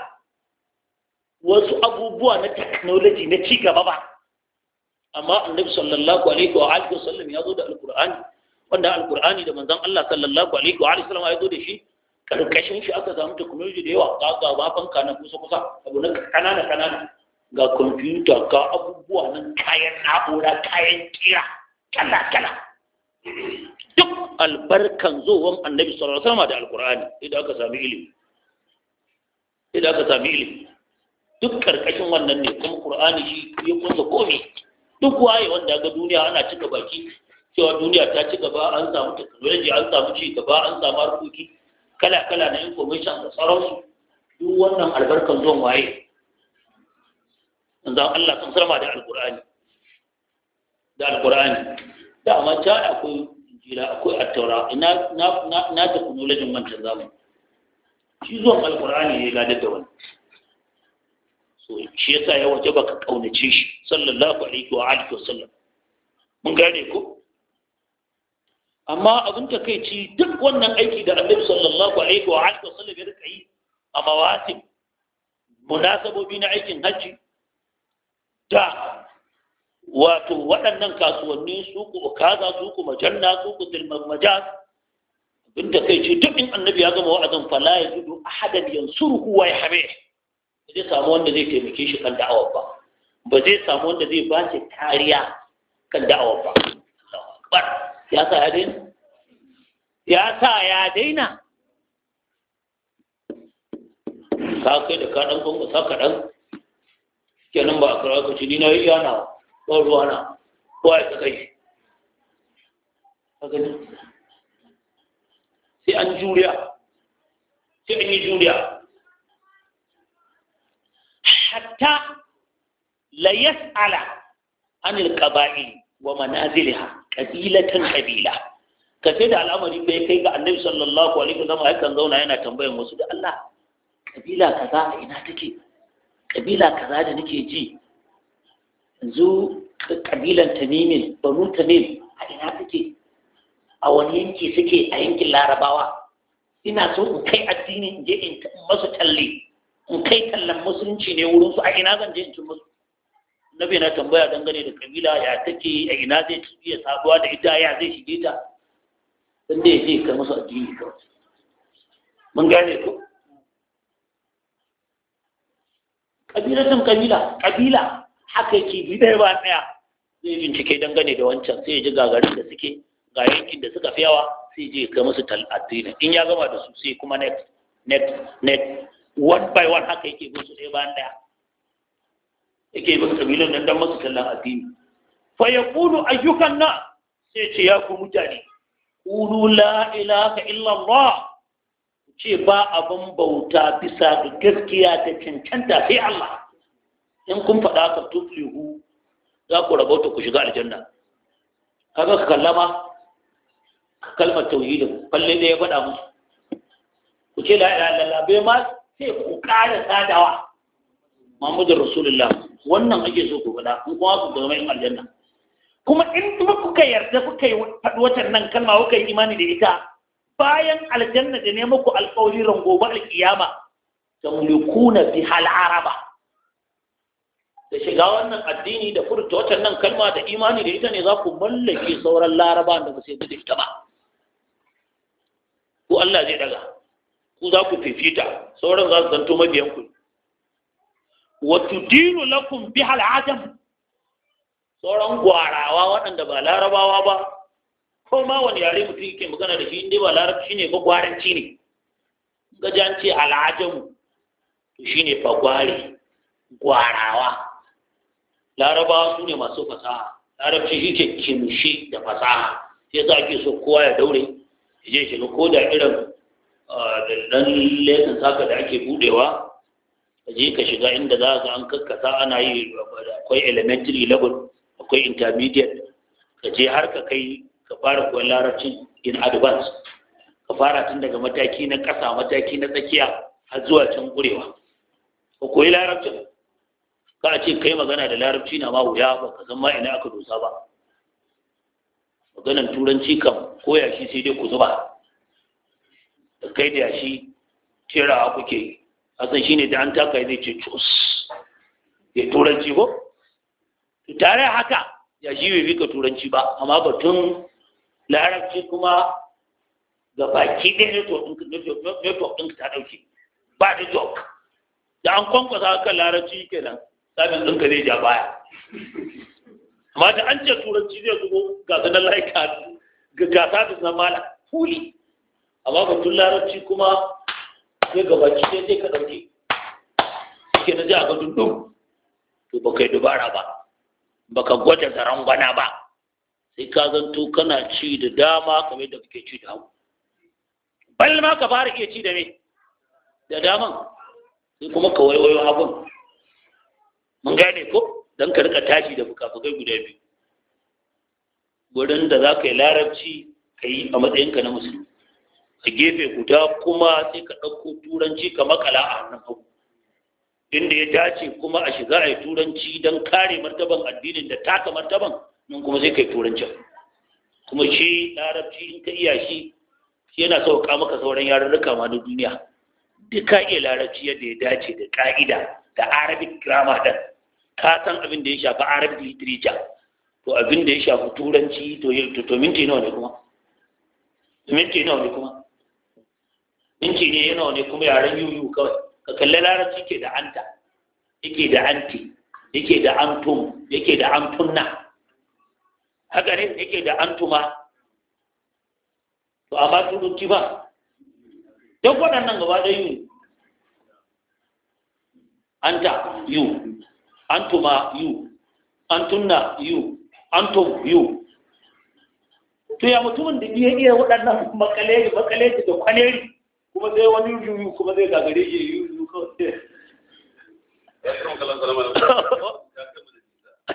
wasu abubuwa na technology na cigaba ba amma annabi sallallahu alaihi wa alihi wasallam ya zo da alqur'ani wanda alqur'ani da manzon Allah sallallahu alaihi wa alihi wasallam ya zo da shi karkashin shi aka samu technology da yawa ga ga babanka na kusa kusa abu na kanana kanana ga kwamfuta ga abubuwa nan kayan na'ura kayan kira kala kala duk albarkan zowan annabi sallallahu alaihi wasallam da alqur'ani idan aka sami ilimi idan aka sami ilimi duk karkashin wannan ne kuma qur'ani shi ya kunsa komai duk waye wanda ga duniya ana cika baki cewa duniya ta ci gaba an samu technology an samu ci gaba an samu harkoki kala kala na information da su. duk wannan albarkan zuwan waye zan Allah sun sarma da alkur'ani da alkur'ani da amma ta akwai injila akwai attaura ina na na ta kunulajin mancan zamu shi zuwan alkur'ani ya gadar da wani so shi sa ya waje ka kaunace shi sallallahu alaihi wa alihi wasallam mun gane ko amma abin ta takeici duk wannan aiki da annabi sallallahu alaihi wa alihi wasallam ya rika yi a mawatin munasabobi na aikin hajji da wato waɗannan kasuwanni su ku kaza su ku majanna su ku tilmamajaz abin takeici duk in annabi ya gama wa'azin fala ya zudu ahadan yansuruhu wa yahmih ba zai samu wanda zai taimake shi kan da'awar ba ba zai samu wanda zai ba shi kariya kan da'awar ba ya sa ya daina ya sa ya daina ka kai da kaɗan kuma sa kaɗan kenan ba a kira ka ci ni na ba ruwa na kowa ya ka kai sai an juriya sai an yi juriya hatta la yas'ala anil qaba'il wa manaziliha qabilatan qabila ka sai da al'amari bai kai ga annabi sallallahu alaihi wasallam yakan zauna yana tambayan wasu da Allah kabila kaza a ina take kabila kaza da nake ji yanzu kabilan tamimin banu tamim a ina take a wani yanki suke a yankin larabawa ina so in kai addini in je in masu talle in kai tallan musulunci ne wurin su a ina zan je in ci musu nabi na tambaya dangane da kabila ya take a ina zai ci iya sabuwa da ita ya zai shige ta dan da yake kai musu addini kawai mun gane ko sun kabila kabila haka yake bi ɗaya ba ɗaya zai bincike dangane da wancan sai ya ji gagarin da suke ga yankin da suka fi yawa sai je kai musu tal'addini in ya gama da su sai kuma next next next one by one haka yake musu ɗaya bayan ɗaya yake yi musu kabilan nan don masu tallan addini fa ya ayyukan na sai ce ya ku mutane kulu la ilaha illallah ce ba abin bauta bisa ga gaskiya ta cancanta sai Allah in kun faɗa ka tuflihu za ku rabauta ku shiga aljanna kaga ka kallama kalmar tauhidin balle da ya faɗa musu ku ce la ilaha illallah bai ma sai ku ƙara sadawa Muhammadu Rasulullah wannan ake so ku faɗa in kuma ku zama aljanna kuma in kuma kuka yarda kuka yi faɗi watan nan kalma kuka yi imani da ita bayan aljanna da ne ku alƙawari rangobar alƙiyama mulkuna fi hal araba da shiga wannan addini da furta watan nan kalma da imani da ita ne za ku mallake sauran laraba da ba sai da ita ba ko Allah zai daga ku za ku fifita sauran za su zanto mabiyan ku wa tudiru lakum bi hal adam sauran gwarawa waɗanda ba larabawa ba ko ma wani yare mutum yake magana da shi inda ba larabci ne ba gwaranci ne ga janci al'ajamu shi ne fa gware gwarawa larabawa su ne masu fasaha larabci shi ke kimshi da fasaha sai za ake so kowa ya daure ya je shiga ko da irin dan lesin saka da ake budewa je ka shiga inda za ga an kakkasa ana yi akwai elementary level akwai intermediate ka je har ka kai ka fara koyon larabcin in advance ka fara tun daga mataki na ƙasa mataki na tsakiya har zuwa can gurewa ka koyi larabcin ka a ce kai magana da larabci na ma wuya ba ka san ma ina aka dosa ba maganan turanci kam koya shi sai dai ku zuba kai da yashi terawa kuke yi asan shi ne da an taka zai ce cus ya turanci ko tare haka yashi bai bika turanci ba amma batun larabci kuma ga baki ɗaya network ɗinka ta ɗauke ba da jok da an kwankwasa kan larabci kenan sabin ɗinka zai ja baya amma da an ce turanci zai zubo ga sanar laika ga gasa da zamala huli amma tun larabci kuma sai gabaci ne sai ka ɗauki ke na ji a ga dundun to ba kai dubara ba ba ka gwada zaren gwana ba sai ka zanto kana ci da dama kamar da kake ci da hagu bal ma ka fara iya ci da me da daman sai kuma ka waiwayo abun mun gane ko don ka rika tashi da fukafukai guda biyu Wurin da za ka yi larabci ka yi a matsayinka na musulmi a gefe guda kuma sai ka ɗauko turanci ka makala a hannun hau inda ya dace kuma a shiga a yi turanci don kare martaban addinin da taka martaban nan kuma sai ka yi turancin kuma shi larabci in ka iya shi yana sauka maka sauran yarurruka ma na duniya Duk ka iya larabci yadda ya dace da ka'ida da arabic grammar ɗin ka san abin da ya shafi arabic literature to abin da ya shafi turanci to minti nawa ne kuma minti nawa ne kuma inci ne yana wani kuma yaren yuyu kawai ka kalli larabci ke da anta yake da anti yake da antum yake da antunna haka ne yake da antuma to amma turanci ba duk waɗannan gaba da yu anta yu antuma yu antunna yu antum yu to ya mutumin da iya iya waɗannan makale makale da kwaleri kuma sai wani yuyu kuma zai gagare ya yi yuyu kawai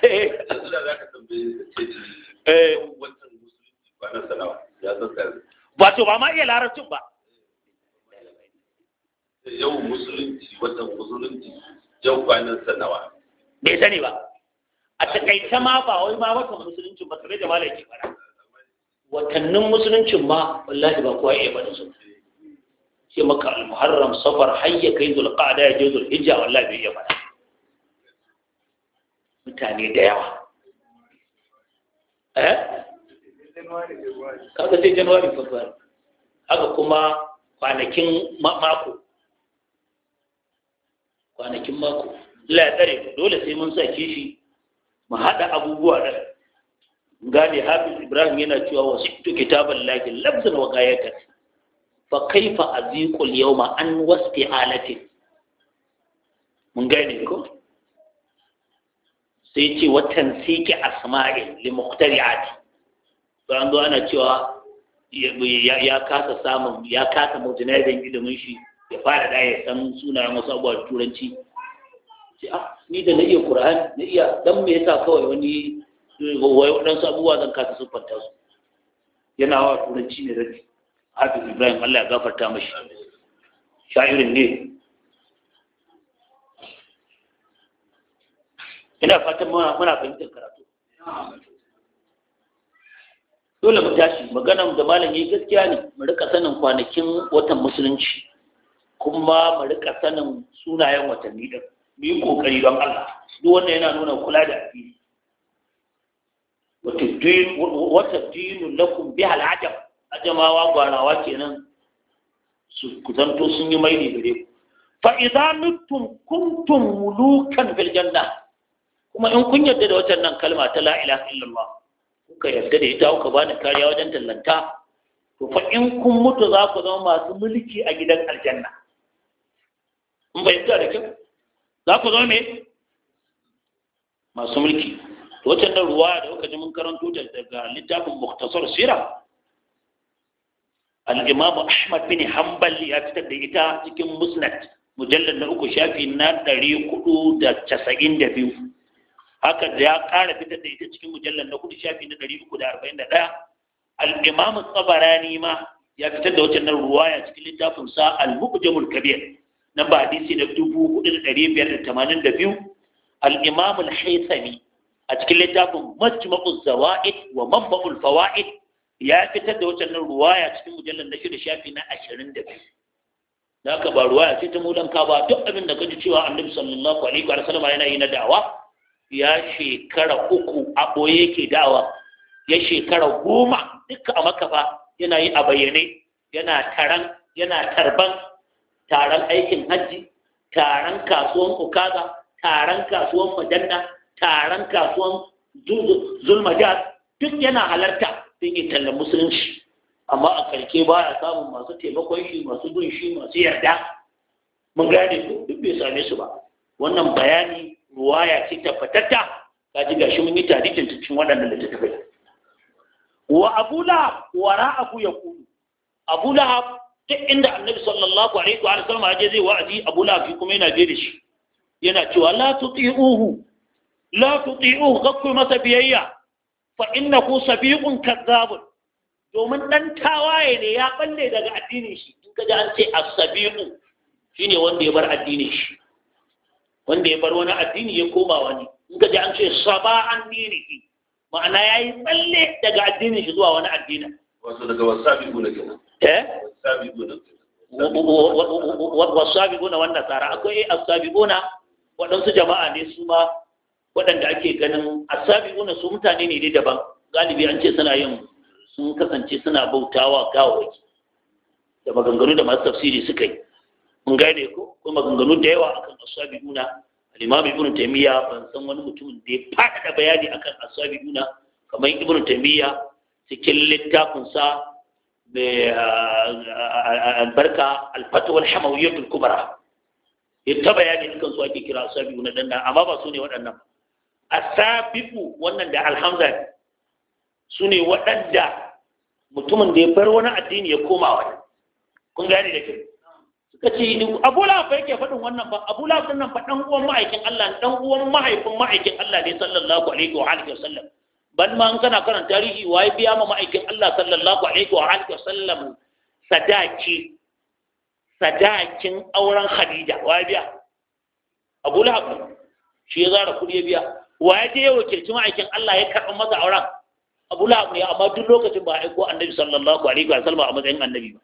eh. eh. ba ba iya larabcin ba yau musulunci wata musulunci yau kwanan sanawa bai sani ba a takaice ma ba wai ma watan musulunci ba kamar da malaki ba. watannin musulunci ma wallahi ba kowa iya bada su ce maka almuharram safar hayya kai zulqa'da ya je hijja wallahi bai iya faɗa mutane da yawa eh kaga sai january february haka kuma kwanakin mako kwanakin mako Allah ya tsare dole sai mun sa kishi mu haɗa abubuwa da gane hafiz ibrahim yana cewa wasu kitabun lakin labzan wa gayatan fa kaifa yau ma an wasti'alati mun gane ko sai ce watan sike asma'i li muqtari'ati to an zo ana cewa ya kasa samun ya kasa mujinadin ilimin shi ya fara da ya san sunayen wasu abubuwa turanci ah, ni da na iya qur'ani na iya dan me yasa kawai wani wai wadansu abubuwa zan kasa siffanta su yana wa turanci ne hafiz ibrahim allah ya gafarta mashi sha'irin ne ina fatan muna fahimtar karatu dole mu tashi maganan da malam yi gaskiya ne mu rika sanin kwanakin watan musulunci kuma mu rika sanin sunayen watanni din mu yi kokari don Allah duk wannan yana nuna kula da addini wata dinu lakum bi al ajamawa gwarawa kenan su kuzanto sun yi mai gare ku fa idza nuttum kuntum mulukan fil janna kuma in kun yarda da wannan nan kalma ta la ilaha illallah kuka yarda da ita kuka bani kariya wajen tallanta to fa in kun mutu za ku zama masu mulki a gidan aljanna in bai da kyau za ku zama me masu mulki to wannan nan ruwa da kuka ji mun karanto daga littafin muktasar sirah al-imam ahmad bin hanbal ya fitar da ita cikin musnad mujallar na uku shafi na ɗari kuɗu da casa'in da biyu haka da ya ƙara fitar da ita cikin mujallar na kuɗu shafi na ɗari uku da arba'in da ɗaya Al'imamu imam tsabarani ma ya fitar da wacce nan ruwaya cikin littafin sa al-mubjamul kabir nan ba hadisi da dubu hudu da ɗari biyar da tamanin da biyu Al'imamu imam al-haythami a cikin littafin majma'ul zawa'id wa mabba'ul fawa'id ya fitar da waccan ruwaya cikin mujallar na shida shafi na ashirin da biyu da aka ba ruwaya ce ta mudan ka ba duk abin da kaji cewa annabi sallallahu alaihi wa sallam yana yi na da'awa ya shekara uku a boye yake da'awa ya shekara goma duka a makafa yana yi a bayyane yana taran yana tarban taron aikin hajji taron kasuwan okada, taron kasuwan majanna taron kasuwan zulmajar duk yana halarta sai talla musulunci amma a karke ba ya samun masu taimakon shi masu bin shi masu yarda mun gane ko duk bai same su ba wannan bayani ruwaya ce tabbatatta ka ji gashi mun yi tarihin cikin waɗannan littattafai wa abu lahab wara abu ya abu lahab duk inda annabi sallallahu alaihi wa sallam je zai wa'azi abu lahab kuma yana je da shi yana cewa la tuti'uhu la tuti'uhu kakku masa biyayya fa ku sabiqun kadzabun domin dan tawaye ne ya balle daga addinin shi in ji an ce as shi shine wanda ya bar addinin shi wanda ya bar wani addini ya koma wani in ji an ce saba'an dinihi ma'ana yayi tsalle daga addinin shi zuwa wani addini wasu daga wasabiqu ne kenan eh Wasu sabi guna ne wannan tsara akwai sabi guna waɗansu jama'a ne su ma waɗanda ake ganin una su mutane ne dai daban galibi an ce suna yin sun kasance suna bautawa gawawaki da maganganu da masu tafsiri suka yi mun gane ko ko maganganu da yawa akan asabi una. Alimami, ibn taymiya ban san wani mutumin da ya faɗaɗa bayani akan una kamar ibn taymiya cikin littafin sa mai albarka al-fatwa al kubra ya ta bayani akan su ake kira una dan amma ba su ne waɗannan asabiqu wannan da alhamza su ne waɗanda mutumin da ya bar wani addini ya koma wani kun gane da ke suka ce ni Abu Lahab yake faɗin wannan ba Abu Lahab nan fa ɗan'uwan uwan ma'aikin Allah dan uwan mahaifin ma'aikin Allah ne sallallahu alaihi wa alihi wasallam ban ma an kana karan tarihi waye biya ma ma'aikin Allah sallallahu alaihi wa alihi wasallam sadaki sadakin auren Khadija waye biya Abu Lahab shi ya zara kudi ya biya wa ya je ya wakilci ma'aikin Allah ya karɓa masa auren Abu la'abu ne amma duk lokacin ba a aiko Annabi sallallahu alaihi wa sallam a matsayin Annabi ba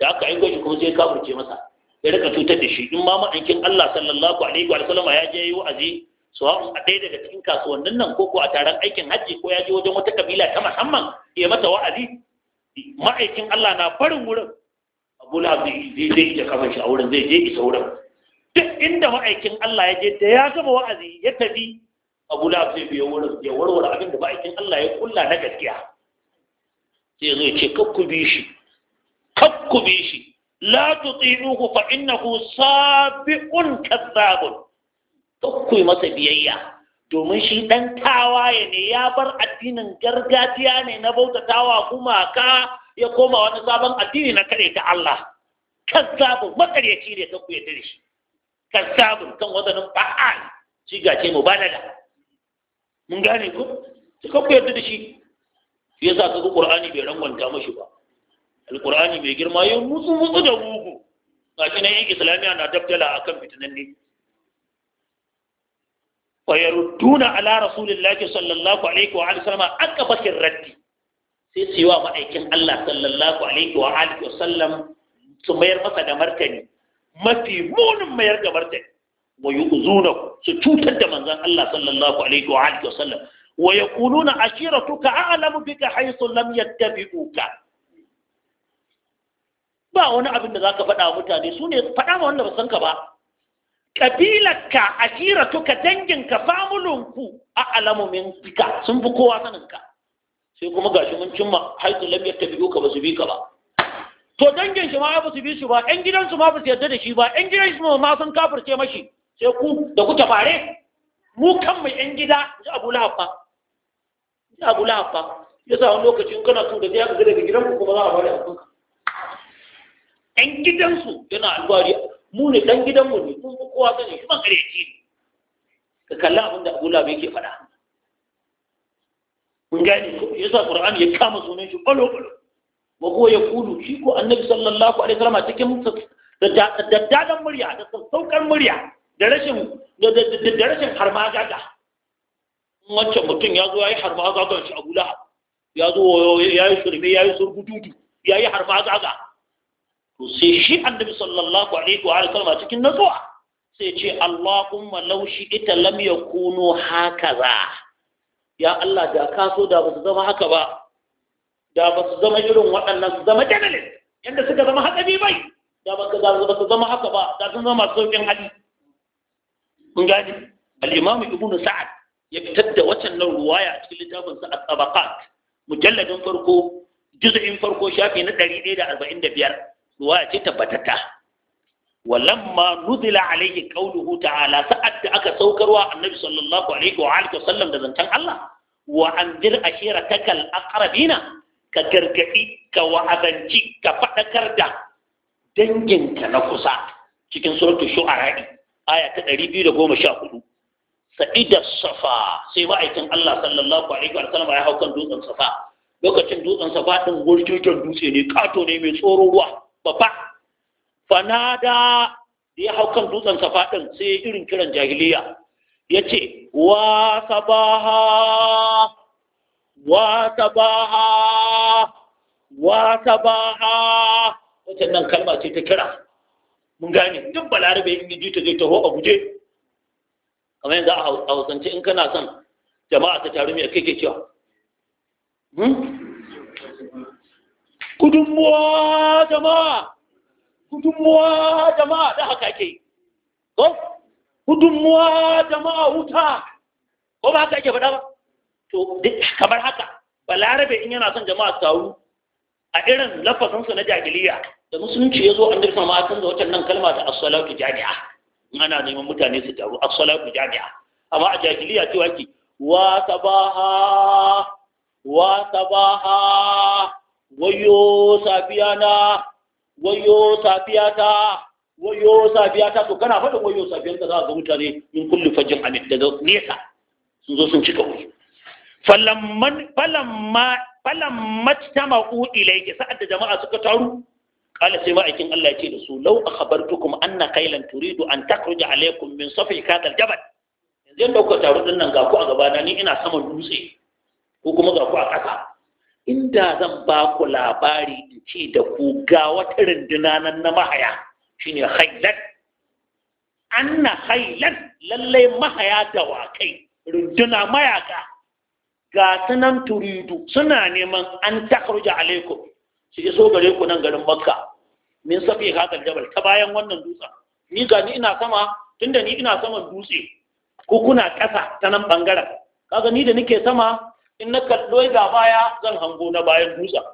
da aka aiko shi kuma sai ka kafurce masa ya rika cutar da shi in ma ma'aikin Allah sallallahu alaihi wa sallam ya je yi wa'azi hau a ɗaya daga cikin kasuwannin nan ko ko a taron aikin hajji ko ya je wajen wata kabila ta musamman ya mata wa'azi ma'aikin Allah na farin wurin Abu la'abu zai je ita kafin shi a wurin zai je isa wurin duk inda ma'aikin Allah ya je da ya gama wa'azi ya tafi abu lahab biyo wurin ya warware abin da Allah ya kulla na gaskiya sai zai ce kakku bi shi kakku bi shi la ku fa innahu sabi'un kazzabun kakku masa biyayya domin shi dan tawaye ne ya bar addinin gargajiya ne na bautatawa ka ya koma wani sabon addini na kare ta Allah kazzabun makaryaci ne kakku ya tare shi kazzabun kan wazanin fa'al shi gace mubalaga mun gane ko sai ka ku yarda da shi Ya sa kaga qur'ani bai rangwanta mashi ba Alƙur'ani mai girma yau mutsu mutsu da mugu gashi nan yin islamiya na daftala akan fitinan ne wa yarudduna ala rasulillahi sallallahu alaihi wa alihi wasallam akabatir raddi sai su yi wa ma'aikin Allah sallallahu alaihi wa alihi wasallam su mayar masa da martani mafi munin mayar da martani wa yu'zuna su cutar da manzon Allah sallallahu alaihi wa alihi wasallam wa yaquluna ashiratuka a'lamu bika haythu lam yattabi'uka ba wani abin da zaka faɗa mutane su ne faɗa ma wanda ba san ka ba kabilarka ashiratuka danginka famulunku a'lamu min bika sun fi kowa sanin ka sai kuma gashi mun cimma haythu lam yattabi'uka ba su bi ka ba to dangin shi ma ba su bi shi ba ɗan gidansu ma ba su yarda da shi ba ɗan gidansu ma sun kafirce mashi sai ku da kuka fare mu kan mai yan gida ji abu lafa ji abu lafa ya sa wani lokacin kana so da ya gaza daga gidanku kuma za a bari a kanka yan gidansu yana alwari mu ne dan gidanmu ne kun fi kowa sani shi kare ne ka kalli abin da abu lafa yake faɗa mun gane ya sa ƙur'ani ya kama sunan shi balo-balo wa ko ya kulu shi ko annabi sallallahu alaihi wasallam cikin daddadan murya da sassaukar murya da rashin da rashin harmagaga wancan mutum ya zo ya yi harmagaga shi abu lahab ya zo ya yi shirme ya yi surgududu ya yi harmagaga to sai shi annabi sallallahu alaihi wa sallama cikin nasuwa sai ce Allahumma laushi shi ita lam haka hakaza ya Allah da ka so da ba su zama haka ba da ba su zama irin waɗannan su zama janalin yadda suka zama haka bai da ba su zama haka ba da sun zama sauƙin hali mun gane al ibn sa'ad ya fitar da wacannan ruwaya a cikin littafin sa at-tabaqat mujalladin farko juz'in farko shafi na 145 ruwaya ce tabbatata ma nuzila alaihi qawluhu ta'ala sa'ad da aka saukarwa annabi sallallahu alaihi wa alihi wasallam da zancen Allah wa anzir ashirataka aqrabina ka gargadi ka wa'azanci ka fadakar da danginka na kusa cikin suratul shu'ara aya ta 214 sa'ida safa sai ma'aikin Allah sallallahu alaihi wa sallam ya hau kan dutsen safa lokacin dutsen safa din gurjojin dutse ne kato ne mai tsoro ruwa babba fanada ya hau kan dutsen safa din sai irin kiran jahiliya Ya ce wa sabaha wa sabaha wa sabaha wacce nan kalma ce ta kira mun gane duk balarabe in ji ta zai taho a guje kamar yanzu a hausance in kana son jama'a ta taru mai kake cewa hmm? gudunmuwa jama'a gudunmuwa jama'a da haka ke ko gudunmuwa jama'a wuta ko ba haka ke faɗa ba to kamar haka balarabe in yana son jama'a su taru a irin lafasansu na jahiliya da musulunci ya zo an dirfa ma kan da watan nan kalma ta as-salatu jami'a ana neman mutane su taru as-salatu jami'a amma a jahiliya cewa ki wa sabaha wa sabaha wayo safiyana wayo safiyata wayo safiyata to kana faɗin wayo safiyanka za a ga mutane min kulli fajin amin da nesa sun zo sun cika wuri falamman falamma falamma tamau ilayki sa'ad da jama'a suka taru kala sai ma'aikin Allah ya ce da su lau akhbartukum anna kailan turidu an takhruja alaykum min safi kadal jabal yanzu da kuka taru din nan a gaba ni ina saman dutse ko kuma ga a ƙasa inda zan ba ku labari in ce da ku ga wata runduna na mahaya shine khailan anna khailan lallai mahaya dawakai runduna mayaka ga sunan turidu suna neman an takhruja alaikum su iso gare ku nan garin makka min safi hadal jabal ta bayan wannan dutsen ni ga ni ina sama tunda ni ina saman dutse ko kuna ƙasa ta nan bangaren kaga ni da nake sama in na kallo ga baya zan hango na bayan dutsen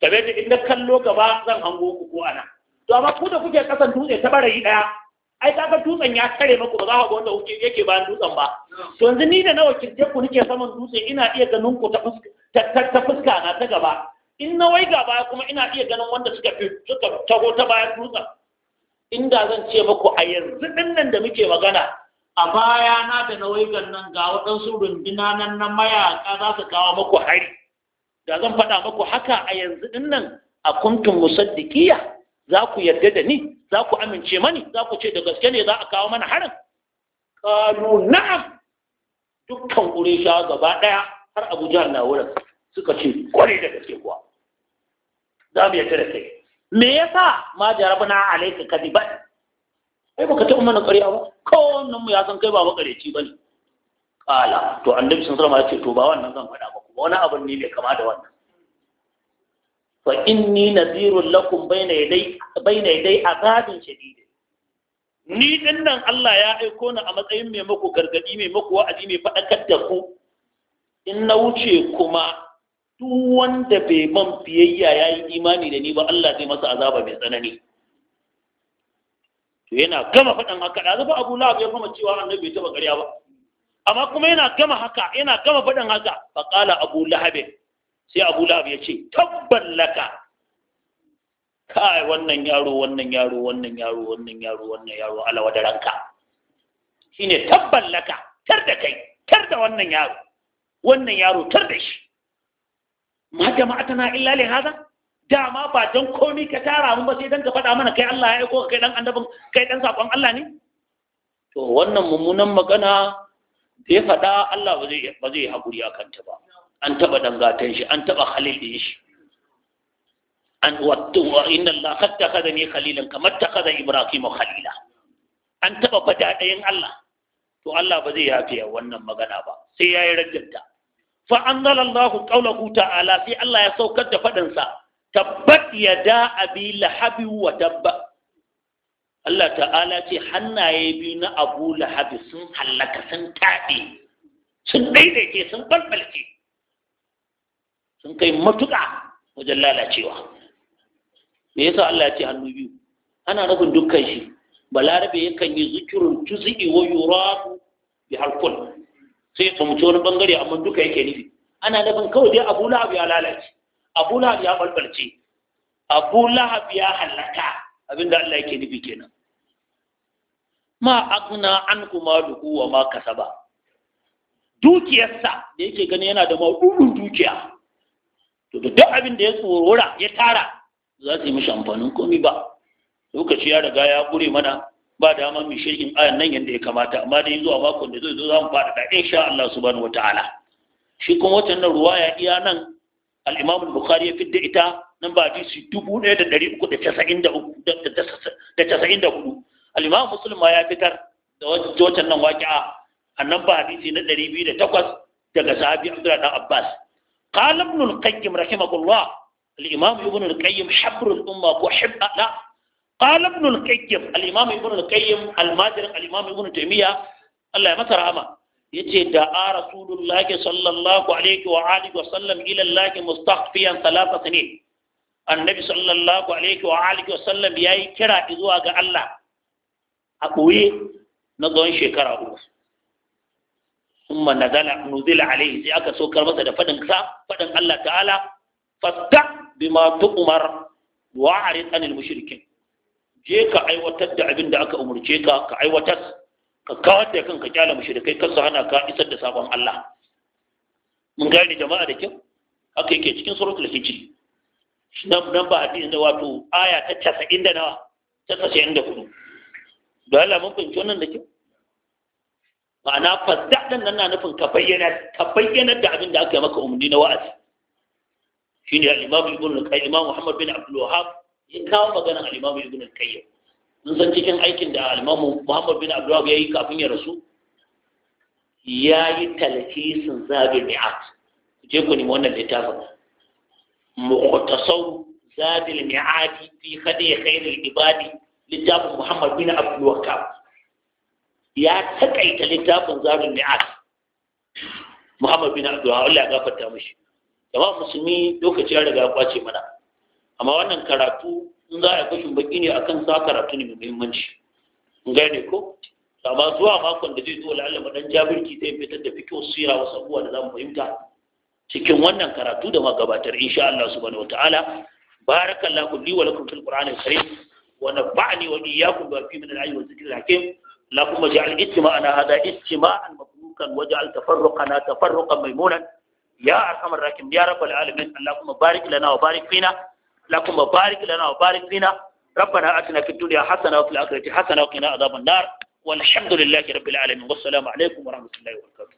kabe da in na kallo gaba zan hango ku ko ana to amma ku da kuke kasan dutse ta barayi daya ai kaga dutsen ya kare muku ba za ku ga wanda kuke yake bayan dutsen ba to yanzu ni da na kirje ku nake saman dutse ina iya ganin ku ta fuska ta fuska na ta gaba in na wai ga baya kuma ina iya ganin wanda suka fi suka taho ta bayan dutsen inda zan ce muku a yanzu nan da muke magana a baya na da na waigan nan ga waɗansu runduna nan na mayaka za su kawo muku hari da zan faɗa muku haka a yanzu ɗin nan a kuntun musaddiqiya za ku yarda da ni za ku amince mani za ku ce da gaske ne za a kawo mana harin qalu na'am dukkan sha gaba ɗaya har Abuja na wurin suka ce kware da gaske kuwa za mu yarda da kai me yasa ma jarabna alayka kadiba ai baka taɓa mana ƙarya ba kowannen mu ya san kai ba makareci bane kala to annabi sun sallama ya ce to ba wannan zan faɗa ba kuma wani abin ne mai kama da wannan fa inni nadhirul lakum bayna yaday bayna yaday azabin shadid ni din nan Allah ya aiko ni a matsayin mai muku gargadi mai muku wa'azi mai faɗakar da ku in na wuce kuma duk wanda bai man biyayya ya yi imani da ni ba Allah zai masa azaba mai tsanani to yana gama faɗin haka da zafi abu lahab ya fama cewa annabi bai taɓa ƙarya ba amma kuma yana gama haka yana gama faɗin haka faƙala abu lahab sai abu lahab ya ce tabban laka kai wannan yaro wannan yaro wannan yaro wannan yaro wannan yaro alawa da ranka shine tabban laka tar da kai tar da wannan yaro wannan yaro tar da shi ma jama'atana illa li hada dama ba don komi ka tara mun ba sai dan ka faɗa mana kai Allah ya aiko kai dan annabin kai dan sakon Allah ne to wannan mummunan magana da ya faɗa Allah ba zai ba zai hakuri akan ta ba an taba dangatan shi an taba khalil din shi an wattu wa inna Allah qad ni khalilan kamar takhadha Ibrahim khalila an taba fada ɗayan Allah to Allah ba zai yafe wannan magana ba sai yayi rajjanta fa anzala ta'ala sai Allah ya saukar da faɗinsa. Tabbat ya da abi lahab wa tabba Allah ta'ala ce hannaye biyu na Abu Lahab sun hallaka sun taɗe sun daidaike sun balbalce sun kai matuƙa wajen lalacewa me yasa Allah ya ce hannu biyu ana nufin dukkan shi balarabe yakan yi zikirin tuzi'i wa yuradu bi halkun sai tsamci wani bangare amma duka yake nufi ana nufin kawai dai abu lahab ya lalace abu lahab ya balbalce abu lahab ya halaka da Allah yake nufi kenan ma agna an kuma duku wa ma kasaba dukiyarsa da yake gani yana da maɗuɗin dukiya to da duk abin da ya tsorora ya tara za su yi mishi amfanin komi ba lokaci ya riga ya kure mana ba da dama mu shirkin ayan nan yadda ya kamata amma da yanzu a makon da zai zo za mu faɗaɗa insha Allah subhanahu wa ta'ala shi kuma watan nan ya iya nan al-Imam bukhari ya fidda ita nan ba dubu 1393 da uku da 94 al-Imam Muslim ma ya fitar da watan nan waqi'a annan ba hadisi na biyu da takwas daga sahabi Abdullah dan Abbas qala ibn al-Qayyim rahimahullah al-Imam ibn al-Qayyim habrul umma ko hibba qala ibn al-qayyim al-imam ibn al-qayyim al-majrin al-imam ya masa rahama yace da a rasulullahi sallallahu alaihi wa alihi sallam ila Allah mustaghfiyan thalatha sinin annabi sallallahu alaihi wa sallam yayi kira zuwa ga Allah a na tsawon shekara uku ثم نزل نزل عليه sai aka sokar masa da fadin sa fadin Allah ta'ala fasta bima tu'mar wa anil mushrikin je ka aiwatar da abin da aka umurce ka ka aiwatar ka kawar da kanka kyala mushrikai kar su hana ka isar da sabon Allah mun gane jama'a da kyau haka yake cikin suratul hijri nan nan ba hadisi da wato aya ta 90 da nawa ta 94 da Allah mun fahimci wannan da kyau ma'ana dan nan na nufin ka bayyana ka bayyana da abin da aka yi maka umarni na wa'azi shine al-imam ibn al-qayyim Muhammad bin Abdul Wahhab ya kawo maganar alimamu ibn al-qayyim mun san cikin aikin da alimamu muhammad bin abdullahi ya yi kafin ya rasu ya yi talhisin zabi mi'at je ku nemi wannan littafin muqtasau zabi mi'at fi hadi khairil ibadi littafin muhammad bin abdullahi ya takaita littafin zabi mi'at muhammad bin abdullahi Allah ya gafarta mishi jama'a musulmi lokaci ya riga ya kwace mana amma wannan karatu in za a fashin baki ne akan sa karatu ne mai muhimmanci in gane ko amma zuwa makon da zai zo la'alla mu dan jabirki zai fitar da fikihu sira wasu abubuwa da zamu fahimta cikin wannan karatu da magabatar insha Allah subhanahu wataala barakallahu li wa lakum fil qur'anil karim wa nafa'ani wa iyyakum bi min al-ayati wa dhikril hakim اللهم اجعل hada هذا اجتماعا مبروكا واجعل تفرقنا تفرقا ميمونا يا ارحم الراحمين يا رب العالمين اللهم بارك لنا وبارك فينا اللهم بارك لنا وبارك فينا ربنا آتنا في الدنيا حسنة وفي الآخرة حسنة وقنا عذاب النار والحمد لله رب العالمين والسلام عليكم ورحمة الله وبركاته